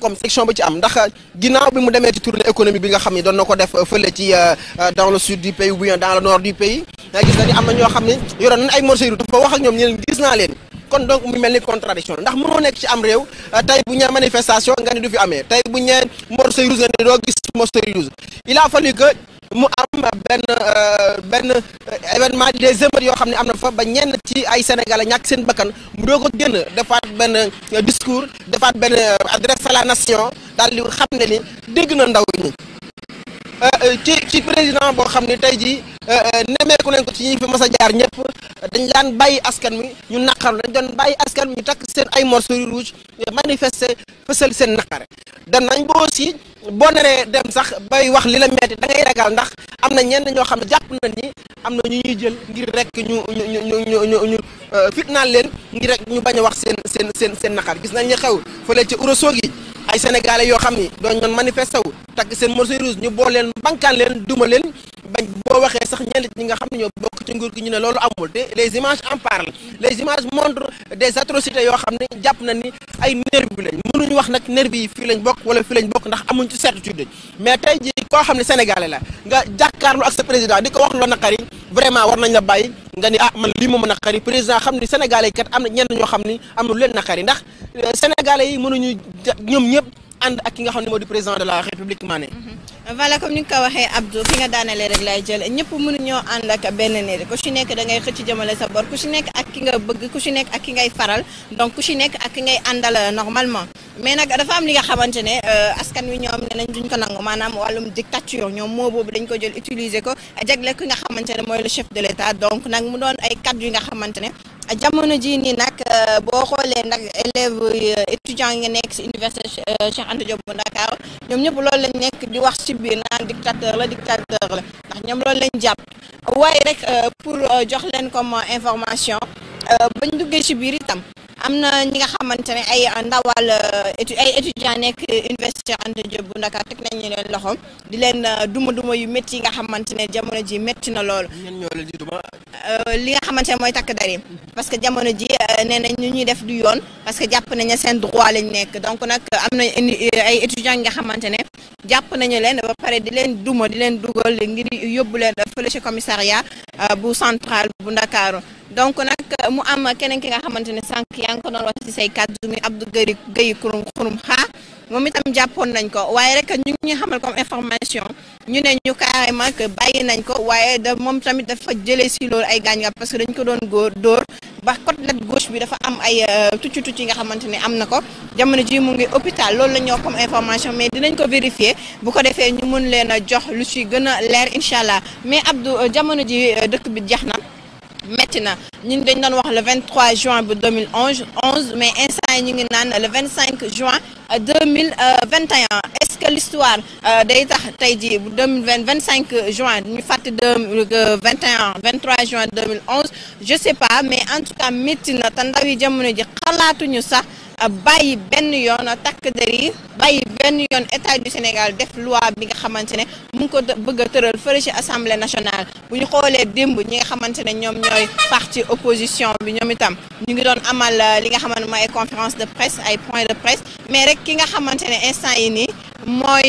comme section ba ci am ndax ginnaaw bi mu demee ci tournée économique bi nga xam ne doon na ko def fële ci euh, euh, dans le sud du pays ou bien dans le nord du pays gis na ni am na ñoo xam ne yoroon nañ ay morceaux dafa wax ak ñoom ñeneen gis naa leen kon donc mu mel ni contradiction ndax mënoo nekk ci am réew euh, tey bu ñee manifestation nga ne du fi amee tey bu ñee morceaux nga ne doo gis morceaux il a fallu que mu am benn euh, benn euh, événement des émeutes yoo xam ne am na fa ba ñenn ci ay sénégalais ñàkk seen bakkan mu doo ko génn defaat benn euh, discours defaat benn adresse à la nation daal di xam ne ni dégg na ndaw ñi Euh, euh, ci ci président boo xam ne tey jii euh, nemmeeku nañ ko ci ñi fi mas a jaar ñëpp dañ daan bàyyi askan wi ñu naqar dañ doon bàyyi askan wi ñu takk seen ay morceaux yu rouge manifester fësal seen naqare danañ boo aussi boo naree dem sax bay wax li la metti da ngay ragal ndax am na ñenn ñoo xam ne jàpp nañ ni am na ñu ñuy jël ngir rek ñu ñu ñu ñu ñu fitnaal leen ngir rek ñu bañ a wax seen seen seen seen naqar gis nañ ñu xew fële ci Ourossogui yi ay sénégalais yoo xam ni doon ñoon manifesté wu takk seen morceau rouge ñu bool leen bankaan leen duma leen bañ boo waxee sax ñenn ñi nga xam ne ñoo bokk ci nguur gi ñu ne loolu amul te les images en parlent les images montrent des atrocités yoo xam ne jàpp na ni ay nervi lañ mënuñu wax nag nervi yi fii lañ bokk wala fii lañ bokk ndax amuñ ci certitude mais tey jii koo xam ne sénégalais la nga jàkkaarlu ak sa président di ko wax loo naqari vraiment war nañ la bàyyi nga ni ah man lii moom a naqari président xam ni sénégalais yi kat am na ñenn ñoo xam ni am na lu leen naqari ndax euh, sénégalais yi ñu ñoom ñëpp and ak nga xam ne moo di président de la république maa ne mm-hmm. voilà comme ni nga ko waxee Abdou fi nga daanelee rek lay jël ñëpp mënu ñoo ànd ak benn néeg ku ci nekk da xëcc jëmale sa bor ku ci nekk ak ki nga faral donc ku ci nekk ak euh, am li nga xamante ne euh, askan wi ñoom ne nañ ko nangu maanaam wàllum dictature ñoom moo boobu dañ ko ko jagle ki nga xamante ne mooy le chef de l'état donc nag mu doon ay cadre yi nga xamante ne jamono jii nii nag euh, boo xoolee nag élève étudiant yi nga nekk si université Cheikh Anta Diop bu Dakar ñoom ñëpp loolu lañ nekk di wax si biir naan dictateur la dictateur la ndax ñoom loolu lañ jàpp waaye rek euh, pour euh, jox leen comme euh, information bañ duggee ci biir itam am na ñi nga xamante ne ay ndawal ay étudiant nekk université Anta Diop bu Ndakaar teg nañu leen loxo di leen duma duma yu métti yi nga xamante ne jamono ji métti na loolu li nga xamante ne mooy takk dari parce que jamono ji nee nañ ñu ñuy def du yoon parce que jàpp nañ seen droit lañ nekk donc nag am na ay étudiant yi nga xamante jàpp nañu leen ba pare di leen duma di leen dugal ngir yóbbu leen fële ci commissariat euh, bu central bu Ndakaaru donc nag euh, mu am keneen ki nga xamante ne sànq yaa ngi ko doon wax ci say kàddu mi Abdou Gueye Gueye Xurum Xurum xaa moom itam jàppoon nañ ko waaye rek ñu ngi xamal comme information ñu nee ñu carrément que bàyyi nañ ko waaye da moom tamit dafa jëlee si loolu ay gaañ nga parce que dañ ko doon góor dóor ba côté nag gauche bi dafa am ay euh, tucc tucc yi nga xamante ni am na ko jamono ji mu ngi hôpital loolu la ñoo comme information mais dinañ ko vérifier bu ko defee ñu mën leen a jox lu si gën a leer incha allah mais Abdou euh, jamono ji euh, dëkk bi jax na. métti na ñun dañ doon wax le 23 juin bu 2011 11 mais instant yi ñu ngi naan le 25 juin 2021 euh, est-ce que l'histoire euh, day tax tey ji bu 2020 25 juin ñu fàtte 21 23 euh, juin 2011 je sais pas mais en tout cas métti na te ndaw yi jamono ji xalaatuñu sax bàyyi benn yoon takk der yi bàyyi benn yoon état du Sénégal def loi bi nga xamante ne mu ngi ko bëgg a tëral fële ci assemblée nationale bu ñu xoolee démb ñi nga xamante ne ñoom ñooy parti opposition bi ñoom itam ñu ngi doon amal li nga xamante mooy ay conférence de presse ay point de presse mais rek ki nga xamante ne instant yi nii mooy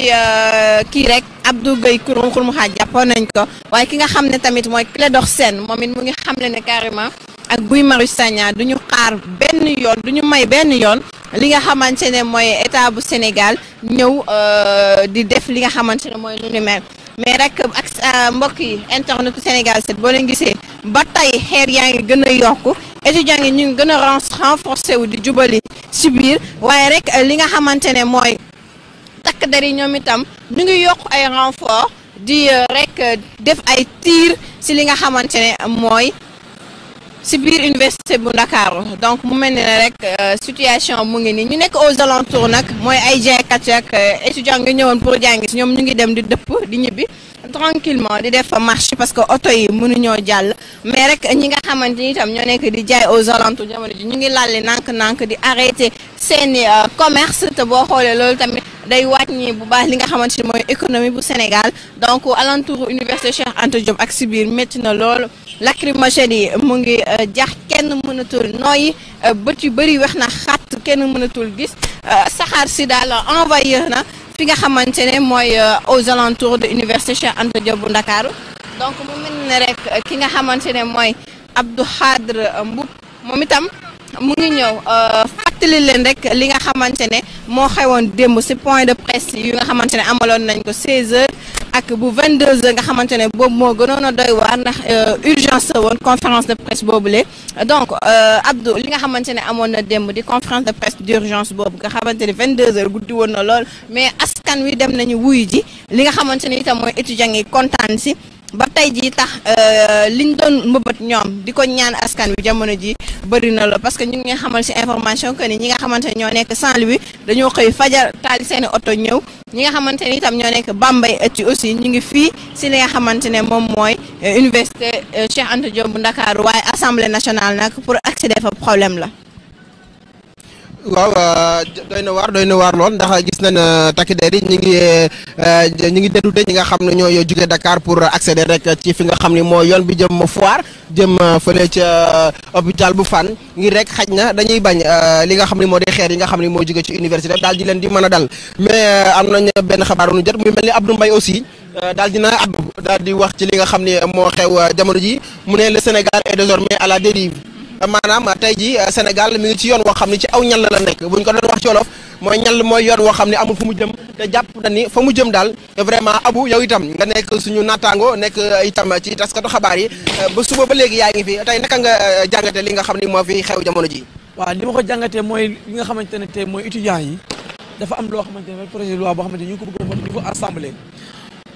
kii rek Abdou Gueye kurum xurmu xaaj jàppoon nañ ko waaye ki nga xam ne tamit mooy Clédor Sène moom it mu ngi xamle ne carrément ak Guy Marius Sagna duñu xaar benn yoon duñu may benn yoon li nga xamante ne mooy état bu Sénégal ñëw euh, di def li nga xamante ne mooy lu ni mel mais rek ak euh, mbokk yi internet Sénégal set boo leen gisee ba tey xeer yaa ngi gën a yokk étudiants yi ñu ngi gën a renforcé wu di jubali si biir waaye rek euh, li nga xamante ne mooy takk der yi ñoom itam ñu ngi yokk ay renfort di rek def ay tiir si li nga xamante ne mooy si biir université bu Ndakaaru donc mu mel ni rek euh, situation mu ngi nii ñu nekk aux alentours nag mooy ay jaaykat ak euh, étudiants nga ñëwoon pour jàngi si ñoom ñu ngi dem di dëpp di ñibbi. tranquillement di def marche parce que oto yi mënuñoo jàll mais rek ñi nga xamante itam ñoo nekk di jaay aux alentours jamono ji ñu ngi lalli nank nànk di arrêté seeni euh, commerce te boo xoolee loolu tamit day wàññi bu baax li nga xamante ni mooy économie bu Sénégal donc alentour université Cheikh Anta Diop ak si biir métti na loolu lacrymogène yi mu ngi euh, jax kenn mënatul nooyi euh, bët yu bëri wex na xat kenn mënatul gis saxaar si daal envahir na fi nga xamante ne mooy euh, aux alentours de l'université Cheikh Anta Diop bu Ndakaaru donc mu mel ne rek ki nga xamante ne mooy Abdou Khadre Mboup moom itam mu ngi ñëw euh, fàttali leen rek li nga xamante ne moo xewoon démb ci point de presse yu nga xamante ne amaloon nañ ko 16h ak bu 22h nga xamante ne boobu moo gënoon a doy waar ndax euh, urgence woon conférence de presse boobule. donc euh, Abdou li nga xamante ne amoon na démb di conférence de presse d'urgence boobu nga xamante ne 22h guddi woon na lool mais askan wi dem nañu wuyu ji li nga xamante ne itam mooy étudiants yi kontaan ci. ba tey jii tax euh, liñ doon mbëbët ñoom di ko ñaan askan wi jamono ji bëri na la parce que ñu ngi xamal ci information que ni ñi nga xamante ne ñoo nekk Saint-Louis dañoo xëy fajar taal seeni oto ñëw ñi nga xamante ni itam ñoo nekk Bambey ëtti aussi ñu ngi fii si li nga xamante ne moom mooy euh, université euh, Cheikh Anta Diop bu Ndakaaru waaye assemblée nationale nag pour accéder fa problème la. waaw euh, doy na waar doy na waar lool ndax gis nañ euh, takk der yi ñu ngi euh, ñu ngi dérouté ñi nga xam ne ñooy jóge Dakar pour accéder rek ci fi nga xam ne moo yoon bi jëm foire jëm fële ca hôpital bu Fann ngir rek xaj na dañuy bañ li nga xam ni moo di xeer yi nga xam ne moo jóge ci université daal di leen di mën a dal mais am nañ benn xabaar nu jot muy mel ni Abdou Mbaye aussi. daal dina addu daal di wax ci li nga xam ne moo xew jamono ji mu ne le Sénégal est désormais à maanaam tey ji euh, Sénégal mi ngi ci yoon woo xam ne ci aw ñal la nekk buñ ko doon wax ci wolof mooy ñal mooy yoon woo xam ne amul fu mu jëm te jàpp na ni fa mu jëm daal vraiment abu yow itam nga nekk suñu nattaango nekk euh, itam ci taskatu xabaar yi euh, ba suba ba léegi yaa ngi fi tey naka nga jàngate li nga xam ni moo fi xew jamono ji waaw li ma ko jàngatee mooy li nga xamante ne tey mooy étudiants yi dafa am loo xamante ne projet de loi boo xamante ñu ngi ko bëgg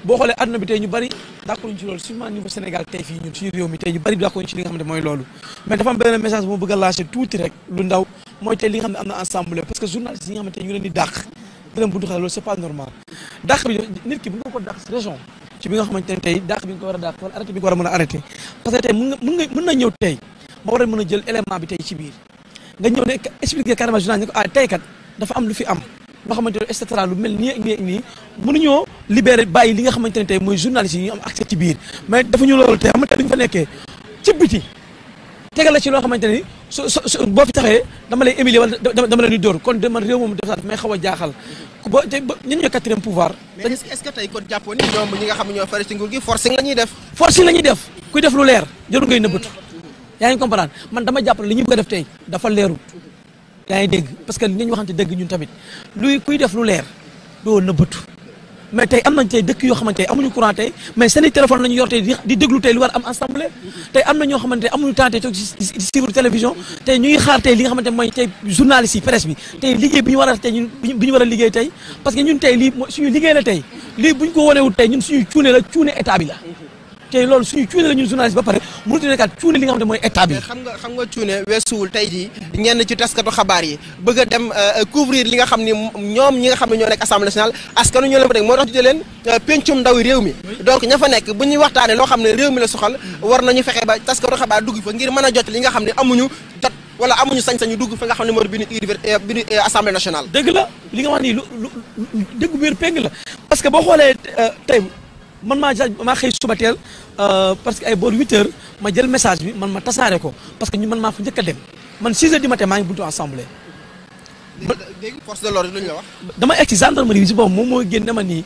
boo xoolee àdduna bi tey ñu bari d'accord ñu ci loolu surement niveau Sénégal tey fii ñun suñu réew mi tey ñu bari d'accord ñu ci loolu mais dafa am benn message bu bëgg a lâché tuuti rek lu ndaw mooy tey nga ñu leen loolu c'est pas normal dàq bi nit ki bu nga ko ci bi nga xamante ne tey dàq bi nga a dàq wala a a arrêté parce que tey mën nga mën nga mën na ñëw tey ba a a jël ne expliquer carrément journal ne ko ah tey kat dafa am lu fi am nga xamante ne et cetera lu mel nii ak nii ak nii mënuñoo bàyyi li nga xamante ne tey mooy journaliste yi ñu am accès ci biir mais dafa ñu loolu tey nekkee ci la ci loo xamante ni su su boo fi taxee dama lay humilier wala dama la ñuy de man réew moom def may xaw a jaaxal ba te ñoo quatrième pouvoir. mais est-ce def. def leer jarul ngay nëbbatu yaa ngi comprendre man dama jàpp ne li ñu a def tey dafa leerul. yaa ngi dégg parce que li ñu waxante dëgg ñun tamit luy kuy def lu leer doo nëbbatu mais tey am nañ tey dëkk yoo xamante amuñu courant tey mais seen i téléphone la ñu yor tey di déglu tey lu war am assemblée tey am na ñoo xamante amuñu temps tey toog di suivre télévision tey ñuy xaar tey li nga xamante mooy tey journaliste yi presse liggéey bi ñu war a tey ñun bi ñu war a tey parce que ñun tey lii suñu liggéey la tey lii buñ ko wanewul tey ñun suñu cuune la cuune état bi la tey loolu suñu cuune la ñun journaliste ba pare mënut a nekkaat cuune li nga xam ne mooy état bi. Eh, xam nga xam nga cuune weesuwul tey jii ñenn ci taskatu xabaar yi bëgg a dem euh, euh, couvrir li nga xam ni ñoom ñi nga xam ne ñoo nekk assemblée nationale askanu ñu leen fa nekk euh, ndaw réew mi. donc ña fa nekk bu ñuy waxtaanee loo xam ne réew mi la soxal mm. war nañu fexe ba taskatu xabaar dugg fa ngir mën a jot li nga xam ne amuñu jot wala sañ-sañu dugg fa nga xam ne mooy biir biir assemblée nationale. dëgg la li nga wax nii lu lu dëgg biir péng la parce que boo xoolee tey man maa maa xëy suba teel Euh, parce que ay boor 8 heures ma jël message bi man ma tasaare ko parce que ñu man maa fa njëkk a dem man 6 heures du matin maa ngi buntu assemblée. de l'ordre luñ la wax. dama egg si gendarmerie si boobu moom moo génne ma nii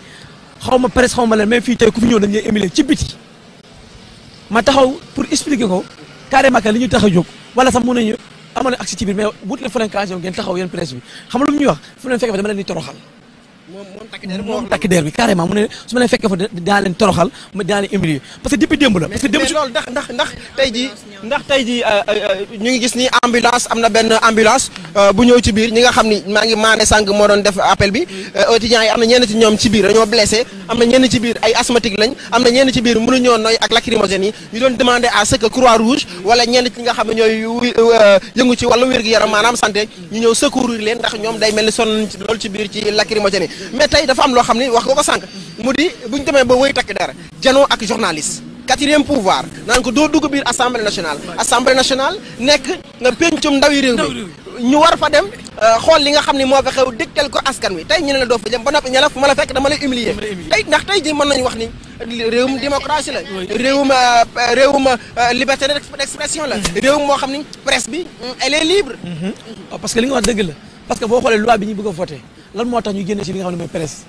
xaw ma presse xaw ma leen mais fii tey ku fi ñëw dañ lay émulé ci biti. ma taxaw pour ko ñu a jóg wala sax mun nañu amal accès ci biir mais wut la fréquence ngeen taxaw yéen presse bi xam lu mu ñuy wax fu leen fekk dama leen toroxal. moom takk der bi carrément mu ne su ma leen fekkee fa daa leen toroxal ma daa leen parce que depuis démb la parce que démb loolu ndax ndax ndax tey jii euh, euh, euh, ñu ngi gis ni ambulance am na benn ambulance bu ñëw ci biir ñi nga xam ni maa ngi maane sànq moo doon def appel bi étudiants yi am na ñenn ci ñoom ci biir dañoo blessé am na ñenn ci biir ay asthmatique lañ am na ñenn ci biir mënuñoo noy ak lacrymogène yi ñu doon demandé à ce que croix rouge wala ñenn ci nga xam ne ñooy yëngu maanaam santé ñu ñëw secourir ñoom day mel ni sonn loolu ci ci lacrymogène yi mais tey dafa am loo xam ni wax nga ko sànq mu di bu ñu demee ba wëy takk dara janoo ak journaliste quatrième pouvoir naan ko doo dugg biir assemblée nationale assemblée nationale nekk nga péncum ndawi réew mi ñu war fa dem euh, xool li nga xam ni moo fa xew dégtal ko askan wi tey ñu ne la doo fa jëm ba noppi ña la fu ma la fekk dama lay humilier tey ndax tey ji mën nañu wax ni réewum démocratie la réewum euh, réewum euh, liberté d'expression la mm-hmm. réewum moo xam ni presse bi mm, elle est libre mm-hmm. oh, lan moo tax ñu génne ci li nga xam ne mooy presse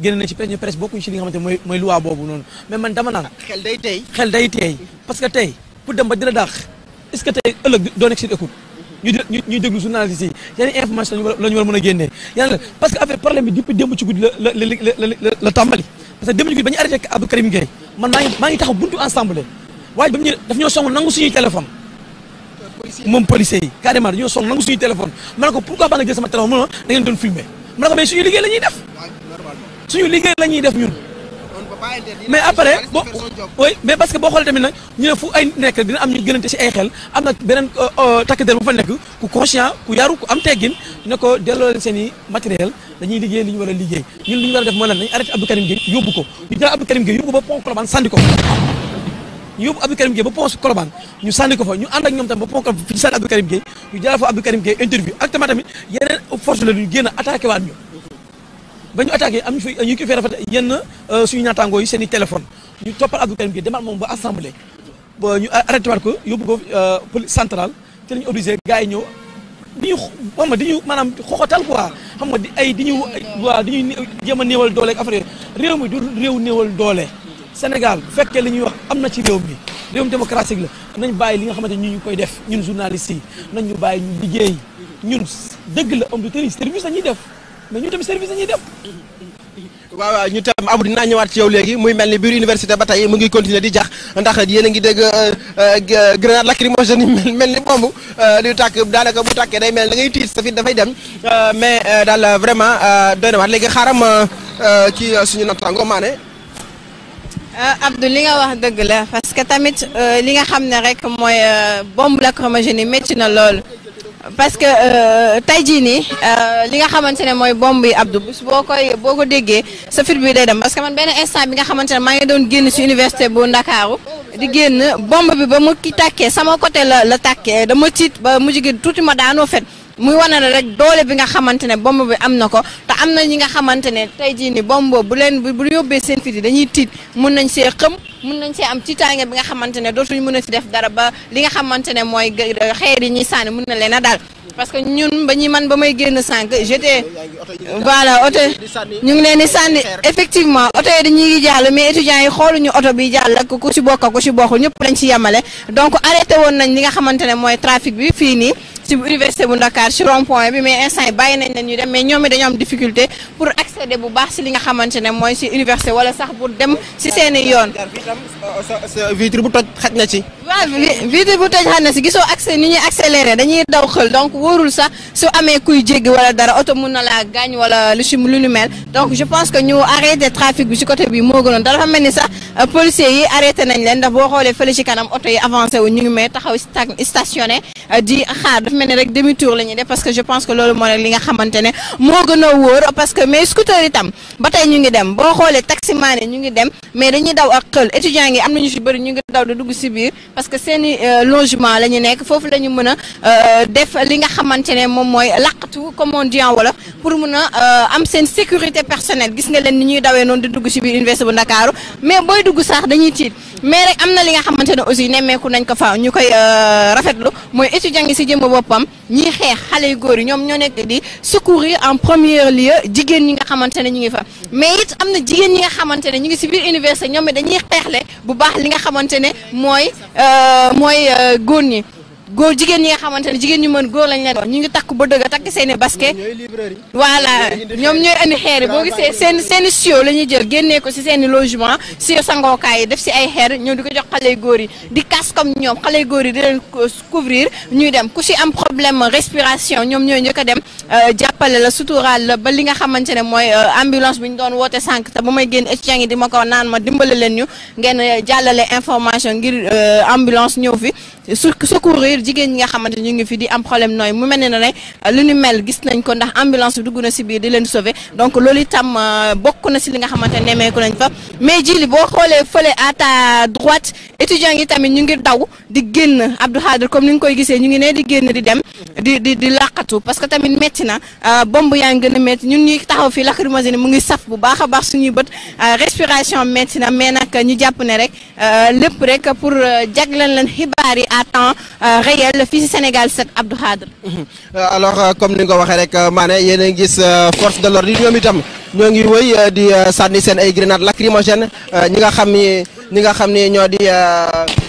génne na ci presse ñu presse bokkuñ ci li nga xamante mooy mooy luwaa boobu noonu mais man dama naan xel day tey xel day tey parce que tey pour dem ba dina dàq est ce que tey ëllëg doo nekk si écoute ñu ñu ñuy déglu journaliste yi yeneen information la ñu war a mën a génnee yeneen parce que affaire problème bi depuis démb ci guddi la la la la tàmbali parce que démb ci guddi ba ñu arrêté Abdou Karim Gueye man maa ngi maa ngi taxaw buntu ensemble waaye ba mu ñu daf ñoo song nangu suñuy téléphone moom policier yi carrément dañoo song nangu suñuy téléphone ma ne ko pourquoi ba nga jël sama téléphone mu ne da ngeen doon filmé mu ne ko mais suñu liggéey la ñuy def suñu liggéey la ñuy def ñun mais après bo mais parce que boo xoolee tamit nag ñu ne fu ay nekk dina am ñu gënante si ay xel am na beneen euh, euh, takk der bu fa nekk ku conscient ku yaru ku am teggin ne ko delloo leen seen i matériel dañuy liggéey li ñu war a liggéey ñun li ñu war a def mooy lan nañu arrêté Abdou Karim Gueye yóbbu ko ñu jël Abdou Karim Gueye yóbbu ko ba pont Colobane sandi ko ñu yóbbu Abdou Karim Gueye ba pont Colobane ñu sànni ko fa ñu ànd ak ñoom tamit ba pont Colobane fi ñu sànni Abdou fa Abdou Karim Gueye interview ak tamit tamit yeneen la ñu génn attaqué waat ñu ba ñu attaqué am fi ñu ko fee rafet yenn euh, suñu ñaataangoo yi seen i téléphone ñu toppal Abdou Karim Gueye demaat moom ba assemblée ba ñu arrêté waat ko yóbbu ko euh, police centrale te la ñu obligé gars yi ñëw di ñu xam nga di ñu maanaam xoxotal quoi xam nga di ay di ñu waa di ñu jéem a néewal doole ak affaire réew mi du réew néewal doole Sénégal bu fekkee li ñuy wax am na ci réew mi réewum démocratique la nañ bàyyi li nga xamante ñu ñu koy def ñun journalistes yi nañ ñu bàyyi ñu liggéey ñun dëgg la homme de terrain service la ñuy def mais ñu tamit service la ñuy def. waaw waaw ñu tam Abdou dinaa ñëwaat ci yow léegi muy mel ni biir université ba tey mu ngi continuer di jax ndax yéen ngi ngi dégg euh, euh, grenade lacrymogène yi mel ni bomb euh, di tàkk daanaka bu tàkkee day mel da ngay tiit sa fit dafay dem mais daal vraiment doy na waat léegi suñu nattango Euh, Abdou li nga wax dëgg la parce que tamit euh, li nga xam ne rek mooy euh, bombe lacrymogène yi métti na loolu parce que tey jii nii li nga xamante ne mooy bomb yi Abdou boo koy boo ko déggee sa fit bi day dem parce que man benn instant bi nga xamante ne maa ngi doon génn si université bu Ndakaaru di génn bomb bi ba mu ki tàkkee sama côté la la tàkkee dama tiit ba mu jigéen tuuti ma daanoo fet muy wane ne rek doole bi nga xamante ne bomb bi am na ko te am na ñi nga xamante ne tey jii ni bomb bu leen bu yóbbee seen fit yi dañuy tiit mun nañ see xëm mun nañ see am tiitaange bi nga xamante ne dootuñ mën a ci def dara ba li nga xamante ne mooy xeer yi ñuy sànni mun na leen a daal parce que ñun ba ñuy man ba may génn sànq j'étais voilà oto ñu ngi leen di sànni effectivement oto yi dañuy jàll mais étudiants yi xooluñu oto bi jàll ak ku ci bokk ku ci bokkul ñëpp dañ ci yemale donc arrêté woon nañ li nga xamante ne mooy trafic bi fii nii ci université bu ndakaar ci rond point bi mais instant yi bàyyi nañ leen ñu dem mais ñoom it dañoo am difficulté pour accéder bu baax ci li nga xamante ne mooy ci université wala sax pour dem ci seeni yoon Euh, sa vitre bu toj xaj na si gisoo accès ni ñuy accéléré dañuy daw xël donc wóorul sax su amee kuy jéggi wala dara oto mun na laa gaañ wala lu si mel donc je pense que ñu arrêté trafic bi si côté bi moo gënoon dafa mel ni sax euh, policiers yi arrêté nañ leen ndax boo xoolee fële ci kanam oto yi avancé wu ñu ngi may taxaw stationné euh, di xaar dafa mel ni rek demi tour la parce que je pense que loolu moo nekk li nga xamante ne moo gën a wóor parce que yi am nañu si bëri ñu ngi daw di dugg ci biir parce que seen i euh, logement la ñu nekk foofu la ñu mën a euh, def li nga xamante ne moom mooy laqatu comme on dit pour mun a euh, am seen sécurité personnelle gis nga leen ni ñuy dawee noonu di dugg si biir université bu Ndakaaru mais booy dugg sax dañuy tiit mais am na li nga xamante ne aussi nemmeeku nañ ko fa ñu koy rafetlu mooy étudiant ngi ci jëm boppam ñiy xeex xale yu góor yi ñoom ñoo nekk di secourir en premier lieu jigéen ñi nga xamante ne ñu ngi fa mais it am na jigéen ñi nga xamante ne ñu ngi ci biir université ñoom dañuy xeexle bu baax li nga xamante ne mooy euh, mooy euh, góor ñi góor jigéen ñi nga xamante ne jigéen ñu mën góor lañ leen ñu ngi takk ba dëgg takk seen i basket voilà ñoom ñooy andi xeer yi boo gisee seen seen i sio jël génnee ko si seen logement sio sangookaay yi def si ay xeer ñoo di ko jox xale góor yi di kaas comme ñoom xale góor yi di leen couvrir ñuy dem ku si am problème respiration ñoom ñooy njëkk a dem euh, jàppale la suturaal la ba li nga xamante ne mooy euh, ambulance bi ñu doon woote sànq te ba may génn étudiant yi di ma ko naan ma dimbale leen ñu ngeen euh, jàllale information ngir ambulance ñëw fi ngir jigéen ñi nga xamante ñu ngi fi di am problème nooy mu mel ne ne lu ñu mel gis nañ ko ndax ambulance bi dugg na si biir di leen sauver donc loolu itam euh, bokk na si li nga xamante nemmeeku nañ fa mais ji boo xoolee fële à droite étudiants yi tamit ñu ngi daw di génn Abdou Khadre comme ni nga koy gisee ñu ngi nee di génn di dem di di di làqatu parce que tamit metti na euh, bomb yaa ngi gën a metti ñun ñuy taxaw fii lacrymogène mu ngi saf bu baax a baax ñuy bët euh, respiration metti na mais nag ñu jàpp ne rek euh, lépp rek pour jagleen leen xibaar yi à temps réel fii si Sénégal 7 Abdou Khadre alors comme ni nga ko waxee rek maanaam yéen a ngi gis force de l'ordre yi ñoom itam ñoo ngi woy euh, di euh, sànni seen ay grenade lacrymogène euh, ñi nga xam ni ñi nga xam ni ñoo di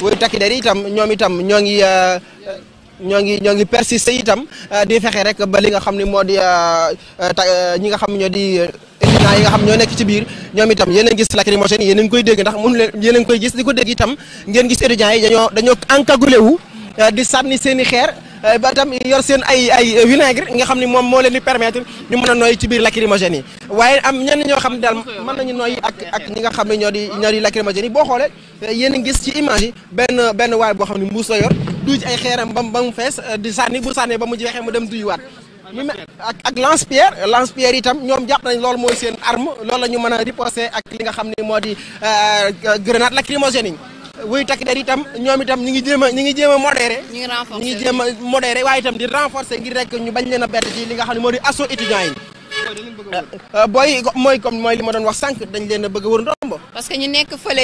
wëy takki der itam ñoom itam ñoo ngi ñoo ngi ñoo ngi persister itam di fexe rek ba li nga xam ni moo di ñi nga xam ñoo di étudiants yi nga xam ñoo nekk ci biir ñoom itam yéen a ngi gis lacrymogène yéen a ngi koy dégg ndax mun leen yéen koy gis di ko dégg itam ngeen gis étudiants yi dañoo dañoo encagoulé wu di sànni seen i xeer Euh, ba tam yor seen ay ay euh, vinaigre nga xam ni moom moo leen di permettre ñu mën a nooy ci biir lacrymogène yi waaye am ñenn ñoo xam ne daal mën nañu nooy ak ak ñi nga xam ne ñoo di ñoo di lacrymogène yi boo xoolee euh, yéen gis ci image yi benn benn waay boo xam ne mbuus la yor duuj ay xeeram ba ba mu fees di sànni bu sànnee ba mu jeexee mu dem duyuwaat ak ak lance pierre lance pierre itam ñoom jàpp nañ lool mooy seen arme loolu la ñu mën a riposé ak li nga xam ne moo di grenade lacrymogène yi wuy takk der itam ñoom itam ñu ngi jéem a ñi ngi jéem a modéré ñu ngi jéem a modéré waaye itam di renforcer ngir rek ñu bañ leen a bett ci li nga xam ne moo di assaut étudiants yi Euh, booy mooy comme mooy li ma doon wax sànq dañ leen a bëgg a wër ndombo parce que ñu nekk fële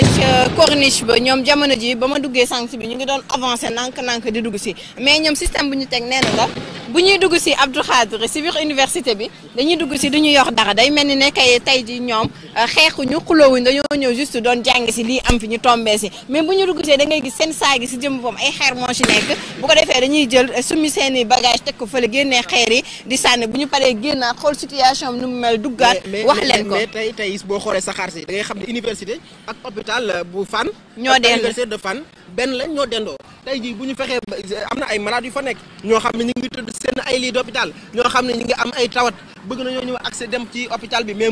corniche ba ñoom jamono ji ba ma duggee sànq si bi ñu ngi doon avancé nànk nank di dugg si mais ñoom système bu ñu teg nee la bu ñuy dugg si Abdou Khadre si biir université bi dañuy dugg si du ñu yox daxa day mel ni ne kay tey ji ñoom xeexu xeexuñu xuloowuñ dañoo ñëw juste doon jàng si lii am fi ñu tombee si mais bu ñu dugg see da ngay gis seen saa gi si jëm boom ay xeer moo si nekk bu ko defee seen i bagage teg ko fële génnee xeer yi di sànni bu ñu paree génnaat xool situation situation am nu mu mel duggaat. wax leen ko mais boo xoolee saxaar si da xam ne université ak hôpital bu fan ñoo dend université de Fann benn lañ ñoo dendoo tey jii bu ñu fexee am na ay malades yu fa nekk ñoo xam ne ñu ngi tëdd seen ay lii d'hôpital ñoo xam ne ñu ngi am ay tawat bëgg nañoo ñëw accès dem ci hôpital dem ci